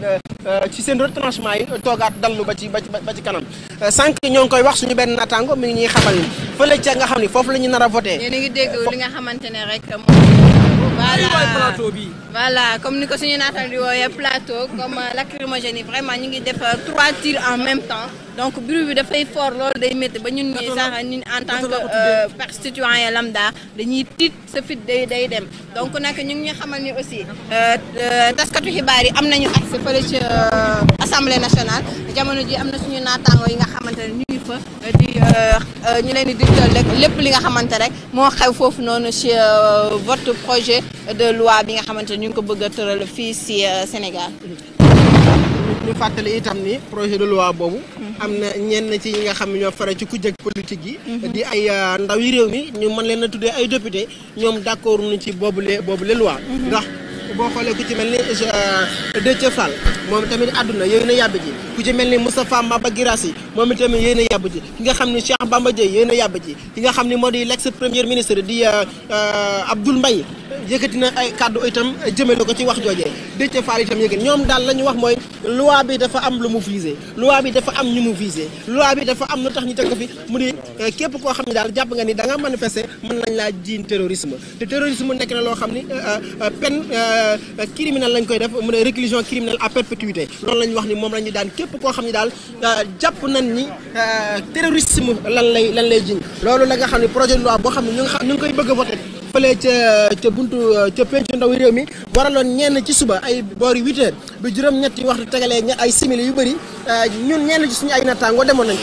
euh, ci seen retranchement yi toogaat dallu ba ci ba ci kanam sànq ñoo ngi koy wax suñu benn naataango mi ngi ñuy xamal ni fële ca nga xam ni foofu la ñu nar a voté. yéen a ngi dégg li nga xamante ne rek moom. voilà comme ni ko suñu naataango di woowee plateau comme lacrymogène yi vraiment ñu ngi def trois tirs en même temps. donc bruit bi dafay fort loolu day métti ba ñun ñii sax ñun en tant que euh, par citoyen lambda dañuy tiit sa fit day day dem donc nag ñu ngi ñu xamal ni aussi euh, euh, taskatu xibaar yi am nañu accès fële ci assemblée nationale jamono ji am na suñu naataangoo yi nga xamante ne ñu ngi fa di ñu leen di digtal rek lépp li nga xamante rek moo xew foofu noonu ci vote projet de loi bi nga xamante ne ñu ngi ko bëgg a tëral fii ci Sénégal. ñu fàttali itam ni projet de loi boobu. am na ñenn ci ñi nga xam ne ñoo faral ci ku jëg politique yi mhm. di ay euh, ndaw yi réew mi ñu mën leen a tuddee ay député ñoom d'accord nu ci boobu boobule loi mhm. ndax boo xoolee ku ci mel ni euh, Déthié Fall moom tamit àdduna yéen a yàbb ji ku ci mel ni Moustapha Mamba Guirassy moom itamit yéen a yàbb ji ki nga xam ni Cheikh Bamba Dièye yéen yàbb ji ki nga xam ni moo di l'ex premier ministre di euh, euh, Abdoul Mbaye yëkkati na ay kàddu itam jëmale ko ci wax joojee Déthié Fall tam yëkkati ñoom daal la ñu wax mooy loi bi dafa am lu mu visé loi bi dafa am ñu mu visé loi bi dafa am lu tax ñu teg ko fi mu di képp koo xam ne daal jàpp nga ni da nga manifester mën lañ laa jiin terrorisme te terrorisme nekk na loo xam ni Euh, criminel lañ koy def mu ne réclusion criminelle à perpétuité loolu la ñu wax ni moom la ñu daan képp koo xam ne daal euh, jàpp nañ ni euh, terrorisme lan lay lan lay jiñ loolu la nga xam ne projet de loi boo xam ne ñu nga xam ñu ngi koy bëgg a voté fële ca ca buntu ca pencu ndaw réew mi waraloon ñenn ci suba ay boori huit heures bi juróom-ñetti wax waxtu tegalee ay simili yu bëri ñun ñenn ci suñu ay nattaangoo demoon nañ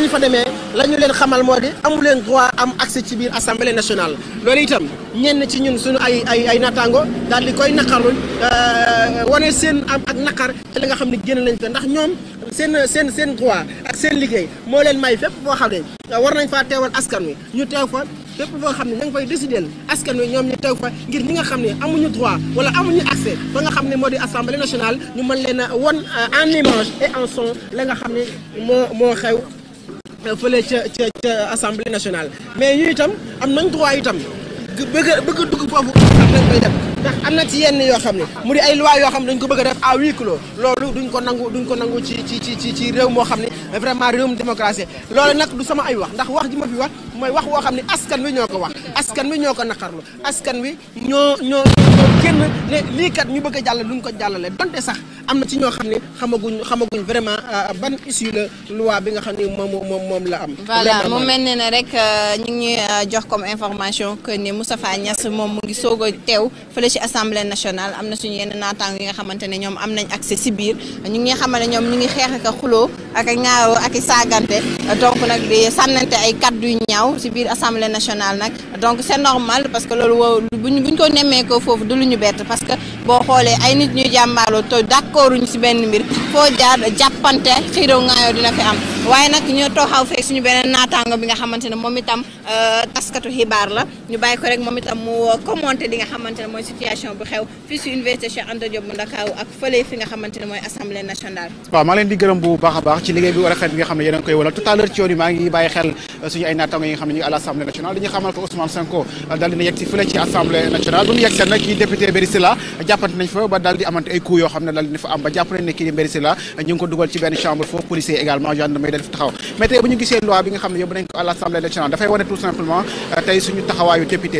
ñu fa demee la leen xamal moo di amuleen leen droit am accès ci biir assemblée nationale loolu itam ñenn ci ñun suñu ay ay ay nattaango daal di koy naqarul euh, wane seen am ak naqar ci li nga xam ne génn lañ ko ndax ñoom seen seen seen droit ak seen liggéey moo leen may fépp boo xam ne war nañ faa teewal askan wi ñu teew fa fépp boo xam ne ña ngi fay décider askan wi ñoom ñu teew fa ngir ñi nga xam ne amuñu droit wala amuñu accès ba nga xam ne moo di assemblée national ñu man leen a won euh, en image et en son la nga xam ne moo moo xew fële ca ca ca assemblée nationale mais ñu itam am nañ droit itam bëgg bëgg a dugg foofu ndax am na ci yenn yoo xam ne mu di ay loi yoo xam ne dañ ko bëgg a def à huis loolu duñ ko nangu duñ ko nangu ci ci ci ci ci réew moo xam ne vraiment réewum démocratie loolu nag du sama ay wax ndax wax ji ma fi wax mooy wax woo xam ne askan wi ñoo ko wax askan wi ñoo ko naqarlu askan wi ñoo ñoo kenn ne lii kat ñu bëgg a jàll duñ ko jàllale donte sax am na ci ñoo xam ne xamaguñ xamaguñ vraiment euh, ban issue la loi bi nga xam ne moom moom la am. voilà mu mel ne euh, ñu ngi euh, jox comme information que Moustapha Niass moom mu ngi soog a teew fële ci assemblée nationale am na suñu yenn naataango ne ñoom am nañ accès ci biir ñu ngi xamal ne ñoom ñu a xuloo ak a ñaawoo ay kàddu yu ñaaw ci biir assemblée nationale nag donc c'est normal parce que loolu wow buñ buñ ko nemmeekoo foofu ñu bett parce que boo xoolee ay nit ñu jàmbaarloo te d'accorduñ ci benn mbir foo jaar jàppante xiiroo ngaayoo dina am waaye nag ñoo tooxaw fee suñu bi nga xamante ne moom itam euh, taskatu xibaar la ñu bàyyi ko rek moom itam mu commenté li xamante ne mooy situation bu xew fii si université Cheikh Anta Diop bu ak fële fi nga xamante ne mooy assemblée nationale. waaw maa leen di gërëm bu ne euh, euh, yegg si fële ci assemblée nationale bu ñu yegg seen nag député Mbéri jàppante nañ fa ba daal amante ay coups yoo xam ne daal dina fa am ba jàpp nañ ne kii euh, ñu ngi ko dugal ci benn chambre foofu policier également gendarmerie dañ fa taxaw mais tey ñu gisee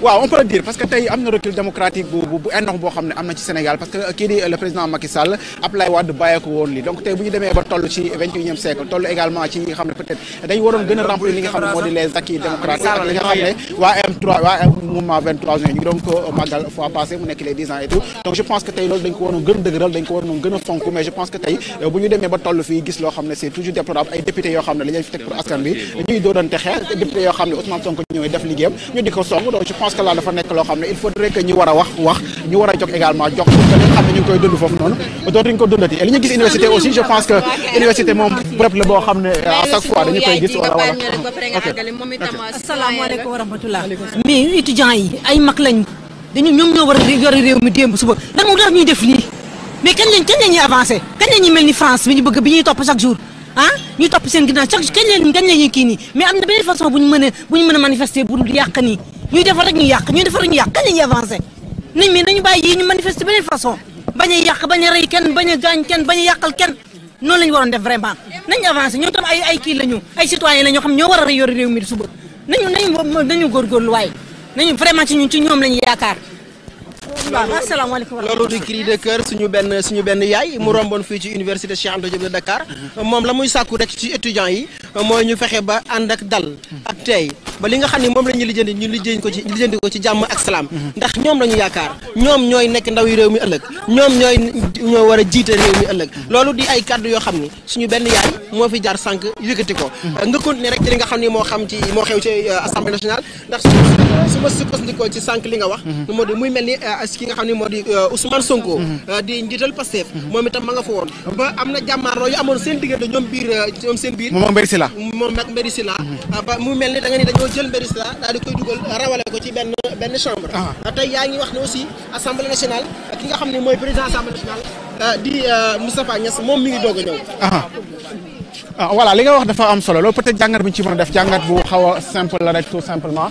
waaw on parce que tey am na recul démocratique bu bu énorme boo xam ne am na ci Sénégal parce que kii di le président Macky Sall Abdoulaye bàyyeeku woon lii donc tey bu ñu demee ba toll ci vingt unième siècle toll également ci xam ne peut-être dañ waroon gën a li nga xam ne moo di les acquis démocratiques xam ne donc je pense que tey loolu dañ ko waroon gën a dañ ko waroon gën a mais je pense que tey bu ñu demee ba toll fii gis loo xam ne pense que là dafa nekk loo xam ne il faudrait que ñu war a wax wax ñu war a jox également jox que xam ne ñu koy dund foofu noonu dootuñu ko dundati et gis université aussi je pense que université moom mais étudiants yi ay mag lañ dañu ñoom ñoo war a yore réew mi démb suba lan moo tax ñuy def nii mais kañ lañ kañ la ñuy avancé kañ la ñuy mel ni France bi ñu bëgg bi ñuy topp chaque jour ah ñu topp seen ginnaaw chaque kañ leen kañ leen ñu kii nii mais am na beneen façon bu ñu mën a bu ñu mën a manifester bu dul yàq nii ñuy defar rek ñu yàq ñuy defar rek ñu yàq kañ la ñuy avancer nañ mais nañu bàyyi yii ñu manifester beneen façon bañ a yàq bañ a rey kenn bañ a gaañ kenn bañ a yàqal kenn noonu la ñu waroon def vraiment nañ avancé ñoo tam ay ay kii la ñu ay citoyen la ñoo xam ñoo war a yor réew mi suba nañu nañu nañu góorgóorlu waaye nañu vraiment ci ñun ci ñoom la ñu yaakaar waaw asalaamaaleykum loolu di cri de cœur suñu benn suñu benn yaay mu romboon fii ci université Cheikh Anta Diop de Dakar moom la muy sàkku rek ci étudiants yi mooy ñu fexe ba ànd ak dal ak tey ba li nga xam ne moom la ñu lijjanti ñu lijjanti ko ci lijjanti ko ci jàmm ak salaam ndax ñoom la yaakaar ñoom ñooy nekk ndaw yi réew mi ëllëg ñoom ñooy ñoo war a jiite réew loolu di ay kàddu yoo xam ni suñu benn yaay fi jaar sànq yëkkati ko nga continuer rek ci li nga xam ni moo xam ci moo xew ci euh, assemblée nationale ndax su ma sukkandikoo ci sànq li nga wax mm-hmm. muy mel ni euh, ki nga xam ne moo di euh, Ousmane Sonko mhm. euh, di njiital Pastef mhm. moom itam ma nga fa woon ba am na jàmmaarloo yu amoon seen diggante ñoom biir euh, ñoom seen biir moom Mbéri Sylla moom nag mhm. ah, mu mel ni da nga ni dañoo jël Mbéri Sylla daal di koy dugal rawale ko ci benn benn chambre ah. Ah, tey yaa ngi wax ne aussi assemblée nationale ki nga xam ne mooy président assemblée nationale di Moustapha Niass moom mi ngi doog a ñëw ah voilà li nga wax dafa am solo loolu peut-être jàngat bi ñu ci mën a def jàngat bu xaw a la rek tout simplement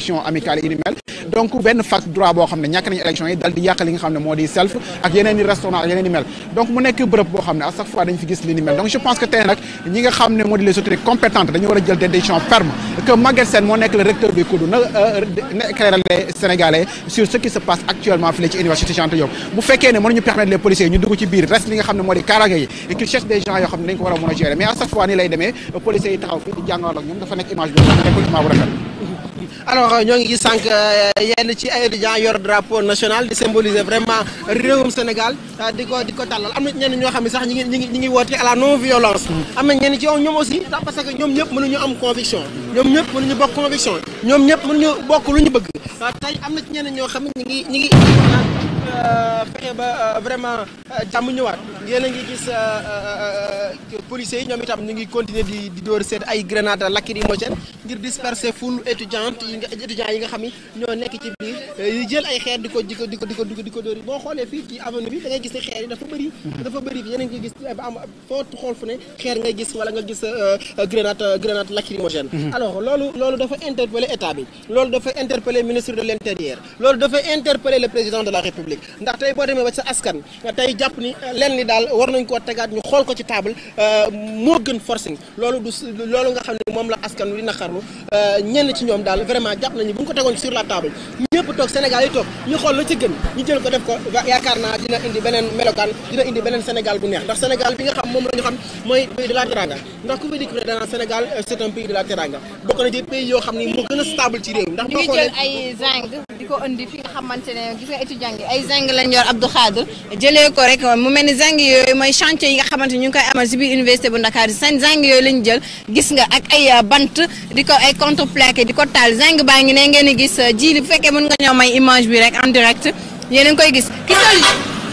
élection amicale yi donc benn fac droit boo xam ne ñàkk nañu élection yi dal di yàq li nga xam ne moo di self ak yeneen i restaurant ak yeneen i mel donc mu nekk bërëb boo xam ne à chaque fois dañu fi gis li ni mel donc je pense que tey nag ñi nga xam ne moo di les autorités compétentes dañu war a jël des décisions fermes que Maguette Sène moo nekk le recteur du COUD na na euh, euh, éclairer les sur ce qui se passe actuellement fii ci ci biir reste yoo alors euh, ñoo ngi gis sànq euh, yenn ci ay étudiants yor drapeau national di symboliser vraiment réewum Sénégal euh, di ko di ko tàllal am na ñenn ñoo xam ne sax ñi ngi ñi ngi ñi ngi woote à la non violence am na ñenn ci yow ñoom aussi parce que ñoom ñëpp mënuñu am conviction ñoom ñëpp mënuñu bokk conviction ñoom ñëpp mënuñu bokk lu ñu bëgg tey na ci ñenn ñoo xam ngi ñi ngi Euh, fexe ba euh, vraiment euh, jàmm ñëwaat yéen a ngi gis policiers yi ñoom itam ñu ngi continuer di di dóor seen ay grenade lacrymogène ngir disperser foule étudiante yi nga yi nga xam ni ñoo nekk ci biir yi jël ay xeer di ko di ko di ko di ko di ko dóor yi boo xoolee fii ci avenue bi da ngay gis ne xeer yi dafa bëri dafa bëri yéen a ngi gis ba xool fu ne xeer ngay gis wala nga gis grenade grenade lacrymogène mhm. alors loolu loolu dafa interpeller état bi loolu dafa interpeller ndax tey boo demee ba sa askan tey jàpp ni euh, lenn li daal war nañ koo tegaat ñu xool ko ci table euh, moo gën forcing loolu du loolu nga xam ne moom la askan wi di naqarlu euh, ñenn ci ñoom daal vraiment jàpp nañu bu ñu ko tegoon sur la table ñëpp toog Sénégal yi toog ñu xool la ci gën ñu jël ko def ko yaakaar naa dina indi beneen melokaan dina indi beneen Sénégal bu neex ndax Sénégal bi nga xam moom la xam mooy pays de la teranga ndax ku fi na ci pays yoo xam ni moo a stable ay zeng lañ yor Abdou Khadre jëlee ko rek mu mel ni zeng yooyu mooy chantier yi nga xamante ni ñu ngi koy amal si biir université bu Ndakaaru seen zeng yooyu lañ jël gis nga ak ay euh, bant di ko ay contreplaqué di ko taal zeng baa ngi ne ngeen di gis euh, ji bu fekkee mën nga ñoo may image bi rek en direct yéen koy gis ki sol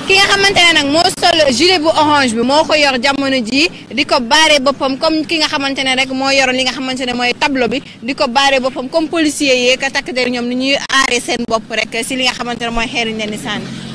ki nga xamante ne nag moo sol gilet bu orange bi moo ko yor jamono jii di ko baare boppam comme ki nga xamante ne rek moo yoroon li nga xamante ne mooy tableau bi di ko baare boppam comme policier yeeg takk der ñoom ni ñuy aare seen bopp rek si li nga xamante ne mooy xeeruñ leen ni sànni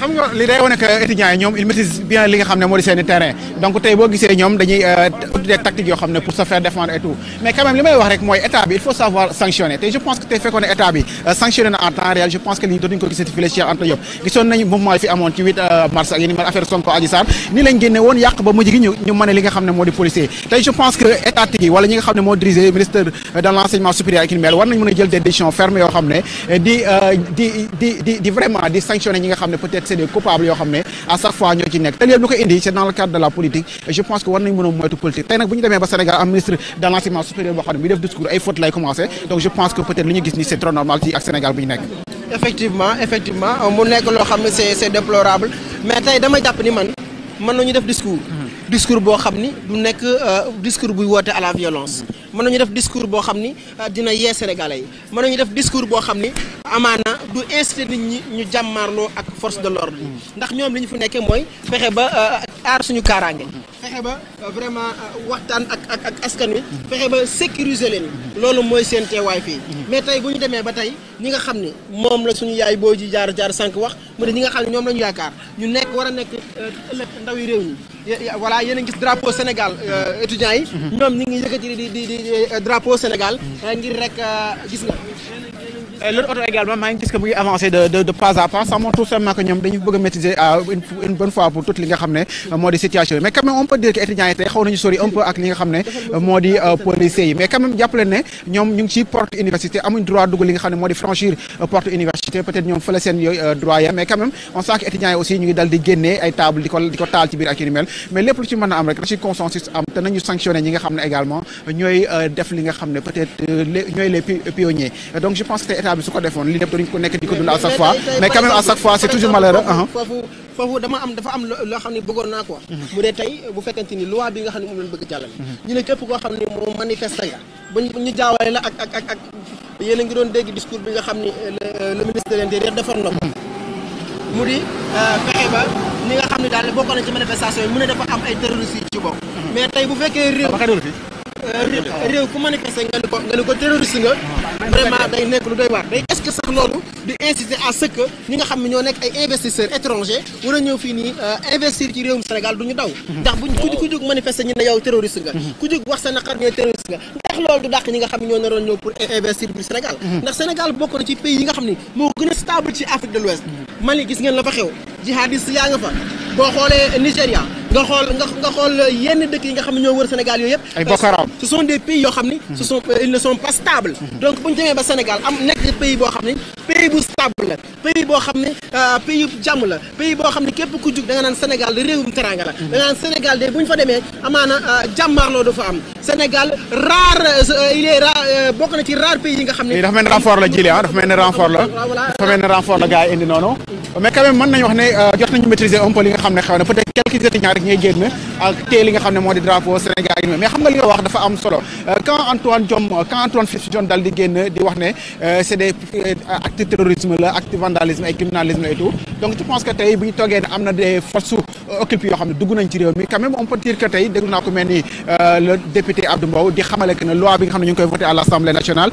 xam nga li day wane que étudiants yi ñoom ils maîtrisent bien li nga xam ne moo di seen terrain donc tey boo gisee ñoom dañuy des euh, yoo xam ne pour se faire défendre et tout mais quand même li may wax rek mooy état bi il faut savoir sanctionner te je pense que tey fekkoon ne état bi euh, sanctionné na en temps réel je pense que li ñu dootuñu ko gisati fii la Cheikh Anta Diop gisoon nañu mouvement yi fi amoon ci 8 euh, mars ak yeneen affaire Sonko Adji Sarr lañ génne woon yàq nga xam ne moo di policier tey a jël des décisions fermes yoo xam ne di nga xam ne peut-être c'est des coupables yoo xam ne à chaque fois ñoo ci nekk te lépp lu ko indi c'est dans cadre de la politique je pense que war nañ mën a moytu politique tey nag bu ñu demee Sénégal am ministre de l'enseignement supérieur boo xam ne bi def discours ay fautes lay commencé donc je pense que peut-être li ñu gis ni c'est trop normal ci ak Sénégal bu ñu nekk effectivement effectivement mu nekk loo xam ne c'est déplorable mais tey dama jàpp ni man mën mm-hmm. euh, woote la mën nañu def discours boo xam ni euh, dina yee sénégalais yi mën nañu def discours boo xam ni amaana du inciter nit ñi ñu jàmmaarloo ak force de l'ordre yi ndax ñoom li ñu fi nekkee mooy fexe ba euh, aar suñu kaaraange fexe ba euh, vraiment waxtaan ak ak ak askan wi fexe ba sécuriser leen loolu mooy seen teewaay fii mais tey bu ñu demee ba tey ñi nga xam ni moom la suñu yaay boo ji jaar jaar cinq wax mu ne ñi nga xam ne ñoom la ñu yaakaar ñu nekk war a nekk ëllëg ndaw yi réew ñi voilà yéen gis drapeau Sénégal étudiants yi mm-hmm. ñoom ñi ngi Euh, drapo Sénégal ngir rek euh, gis nga leur auto également maa ngi gis que mu ngi de pas à pas ça tout simplement que ñoom dañu bëgg a euh, une bonne fois pour toute li nga xam ne moo di situation yi mais quand même peut dire que étudiants yi tey xaw nañu sori un peu ak li nga xam ne moo di euh, policiers yi mais quand jàppale ne ñoom ñu ngi ci porte université amuñ droit dugg li nga xam ne moo di franchir euh, porte université peut être ñoom fële seen droit ya mais quand même on sent yi état bi su ko defoon li ñëpp dañu ko nekk di ko dund à chaque fois mais quand à chaque fois c'est toujours malheureux foofu foofu dama am dafa am loo xam ne bëggoon naa ko mhm. mu dee tey bu fekkente ni bi nga xam ne moom lañ bëgg jàllale mhm. ñu ne képp koo xam ne moom manifesté a euh, euh, mhm. euh, ci manifestation mu ne dafa am ay terroristes ci bokk mais tey bu fekkee réew réew ku manifester nga ni ko nga nga vraiment day nekk lu doy waar day est-ce loolu di inciter à ñi nga xam ne ñoo nekk ay investisseurs étrangers war ñëw fii nii euh, investir ci réewum Sénégal du ñu daw ndax buñ ku ku jóg manifester ñu ne yow terroriste nga ku jóg wax sa naqar ñooy terroriste nga ndax loolu du dàq ñi nga xam ne ñoo naroon ñëw pour investir biir Sénégal ndax Sénégal bokk na ci pays yi nga xam ne moo gën a stable ci Afrique de jihadiste yaa nga fa boo xoolee Nigéria nga xool nga xool yenn dëkk yi nga xam ne ñoo wër Sénégal yooyu yëpp. ay bokkaraam ce sont des pays yoo xam ne. Mm-hmm. boo xam ne boo xam ne euh, pays bu jàmm la boo xam ne képp ku jug da nga naan Sénégal réewum teranga la. Mm-hmm. da nga naan Sénégal de bu ñu fa demee amaana euh, jàmmaarloo dafa am Sénégal rare euh, il est rare na ci rare pays yi nga xam ne. dafa mel ni renfort la jili ah dafa mel ni renfort la. dafa mel ni renfort la gars yi indi noonu. mais quand mën nañu wax ne Euh, jot nañu maîtriser un li nga xam ne xew na peut-être quelques étudiants rek ñooy génn ak euh, tee li nga xam ne moo di drapeau Sénégal yi mais xam nga li nga wax dafa am solo euh, quand Antoine Diome quand Antoine Félix Diome dal di tey bu ñu toogee ne am na des forces occultes yoo xam ne dugg nañ ci réew mi quand même on peut dire tey déglu naa ko mel ni le député Abdou Mbow di xamale que ne loi bi nga xam ne ñu ngi koy voté à l'Assemblée nationale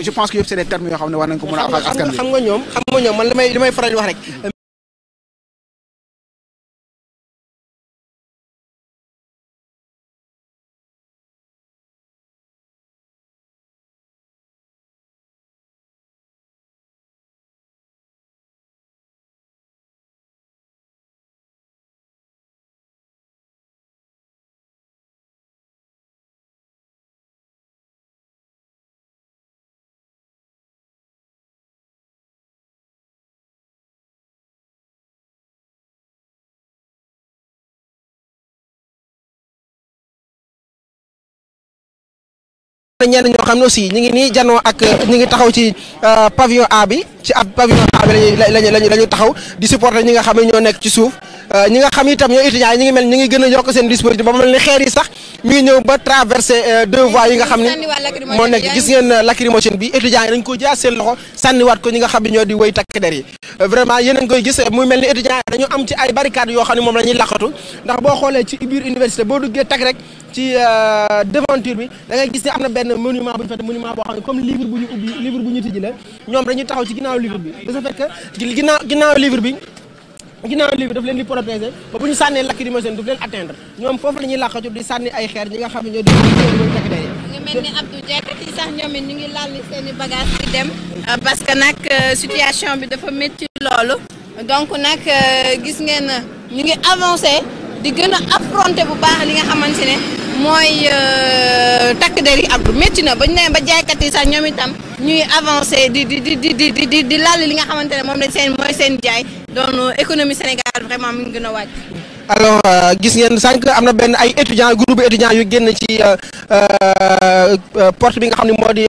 je pense que yëpp c'est des termes yoo xam ne war nañ ko mën a. xam xam nga ñoom xam nga ñoom man li may li may faral wax rek. ñenn ñoo xam ne aussi ñu ngi nii janoo ak ñu ngi taxaw ci euh, pavillon A bi ci ab pavillon lañu taxaw di supporter ñi nga xam ne ñoo nekk ci suuf euh, ñi nga xam itam ñoo étudiants yi ñu ngi mel ñu ngi gën a yokk seen dispositif ba mel ni xeer yi sax mi ngi ñëw ba traversé euh, deux voies yi nga xam ne moo nekk gis ngeen lacrymogène bi étudiants yi dañ ko jaar seen loxo sànniwaat ko ñi nga xam ne ñoo di woy takk der yi vraiment yéen koy gis muy mel ni étudiants yi dañu am ci ay barricades yoo xam ne moom la ñuy laqatu ndax boo xoolee ci biir université boo duggee tak rek ci euh, devanture bi da ngay gis ne am na benn monument bu ñu fete monument boo xam ne comme livre bu ñu ubbi livre bu ñu tijji la ñoom dañuy taxaw ci ginnaaw livre bi de que ginnaaw ginnaaw livre bi ginnaaw livre leen di protéger ba bu ñu sànnee lacrymogène daf leen atteindre ñoom foofu la ñuy làqatu di sànni ay xeer ñi nga xam ne ñoo di ñoo tekk day nga mel ni Abdou Diack yi sax ñoom ñu ngi lal seen i bagage dem euh, parce que nag euh, situation bi dafa métti loolu donc nag gis ngeen ñu ngi avancé di gën a affronter bu baax li nga xamante ne mooy euh, takk der yi ak du métti na ba ñu nee ba jaaykat yi sax ñoom itam ñuy avancé di di di di di di di lal li nga xamante ne moom lañ seen mooy seen jaay doon euh, économie Sénégal vraiment mu ngi gën a wàcc. alors euh, gis ngeen sànq am na benn ay étudiants groupe étudiants yu génn ci euh, euh, porte bi nga xam ne moo di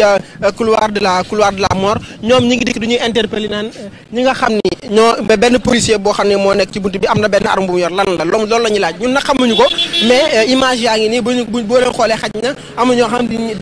couloir de la couloir de la mort ñoom ñi ngi dikk duñu ñuy naan ñi nga xam ni ñoo benn policier boo xam ne moo nekk ci bunt bi am na benn arme bu mu yor lan la loolu la ñuy laaj ñun nag xamuñu ko mais image yaa ngi nii bu boo leen xoolee xaj na amuñoo xam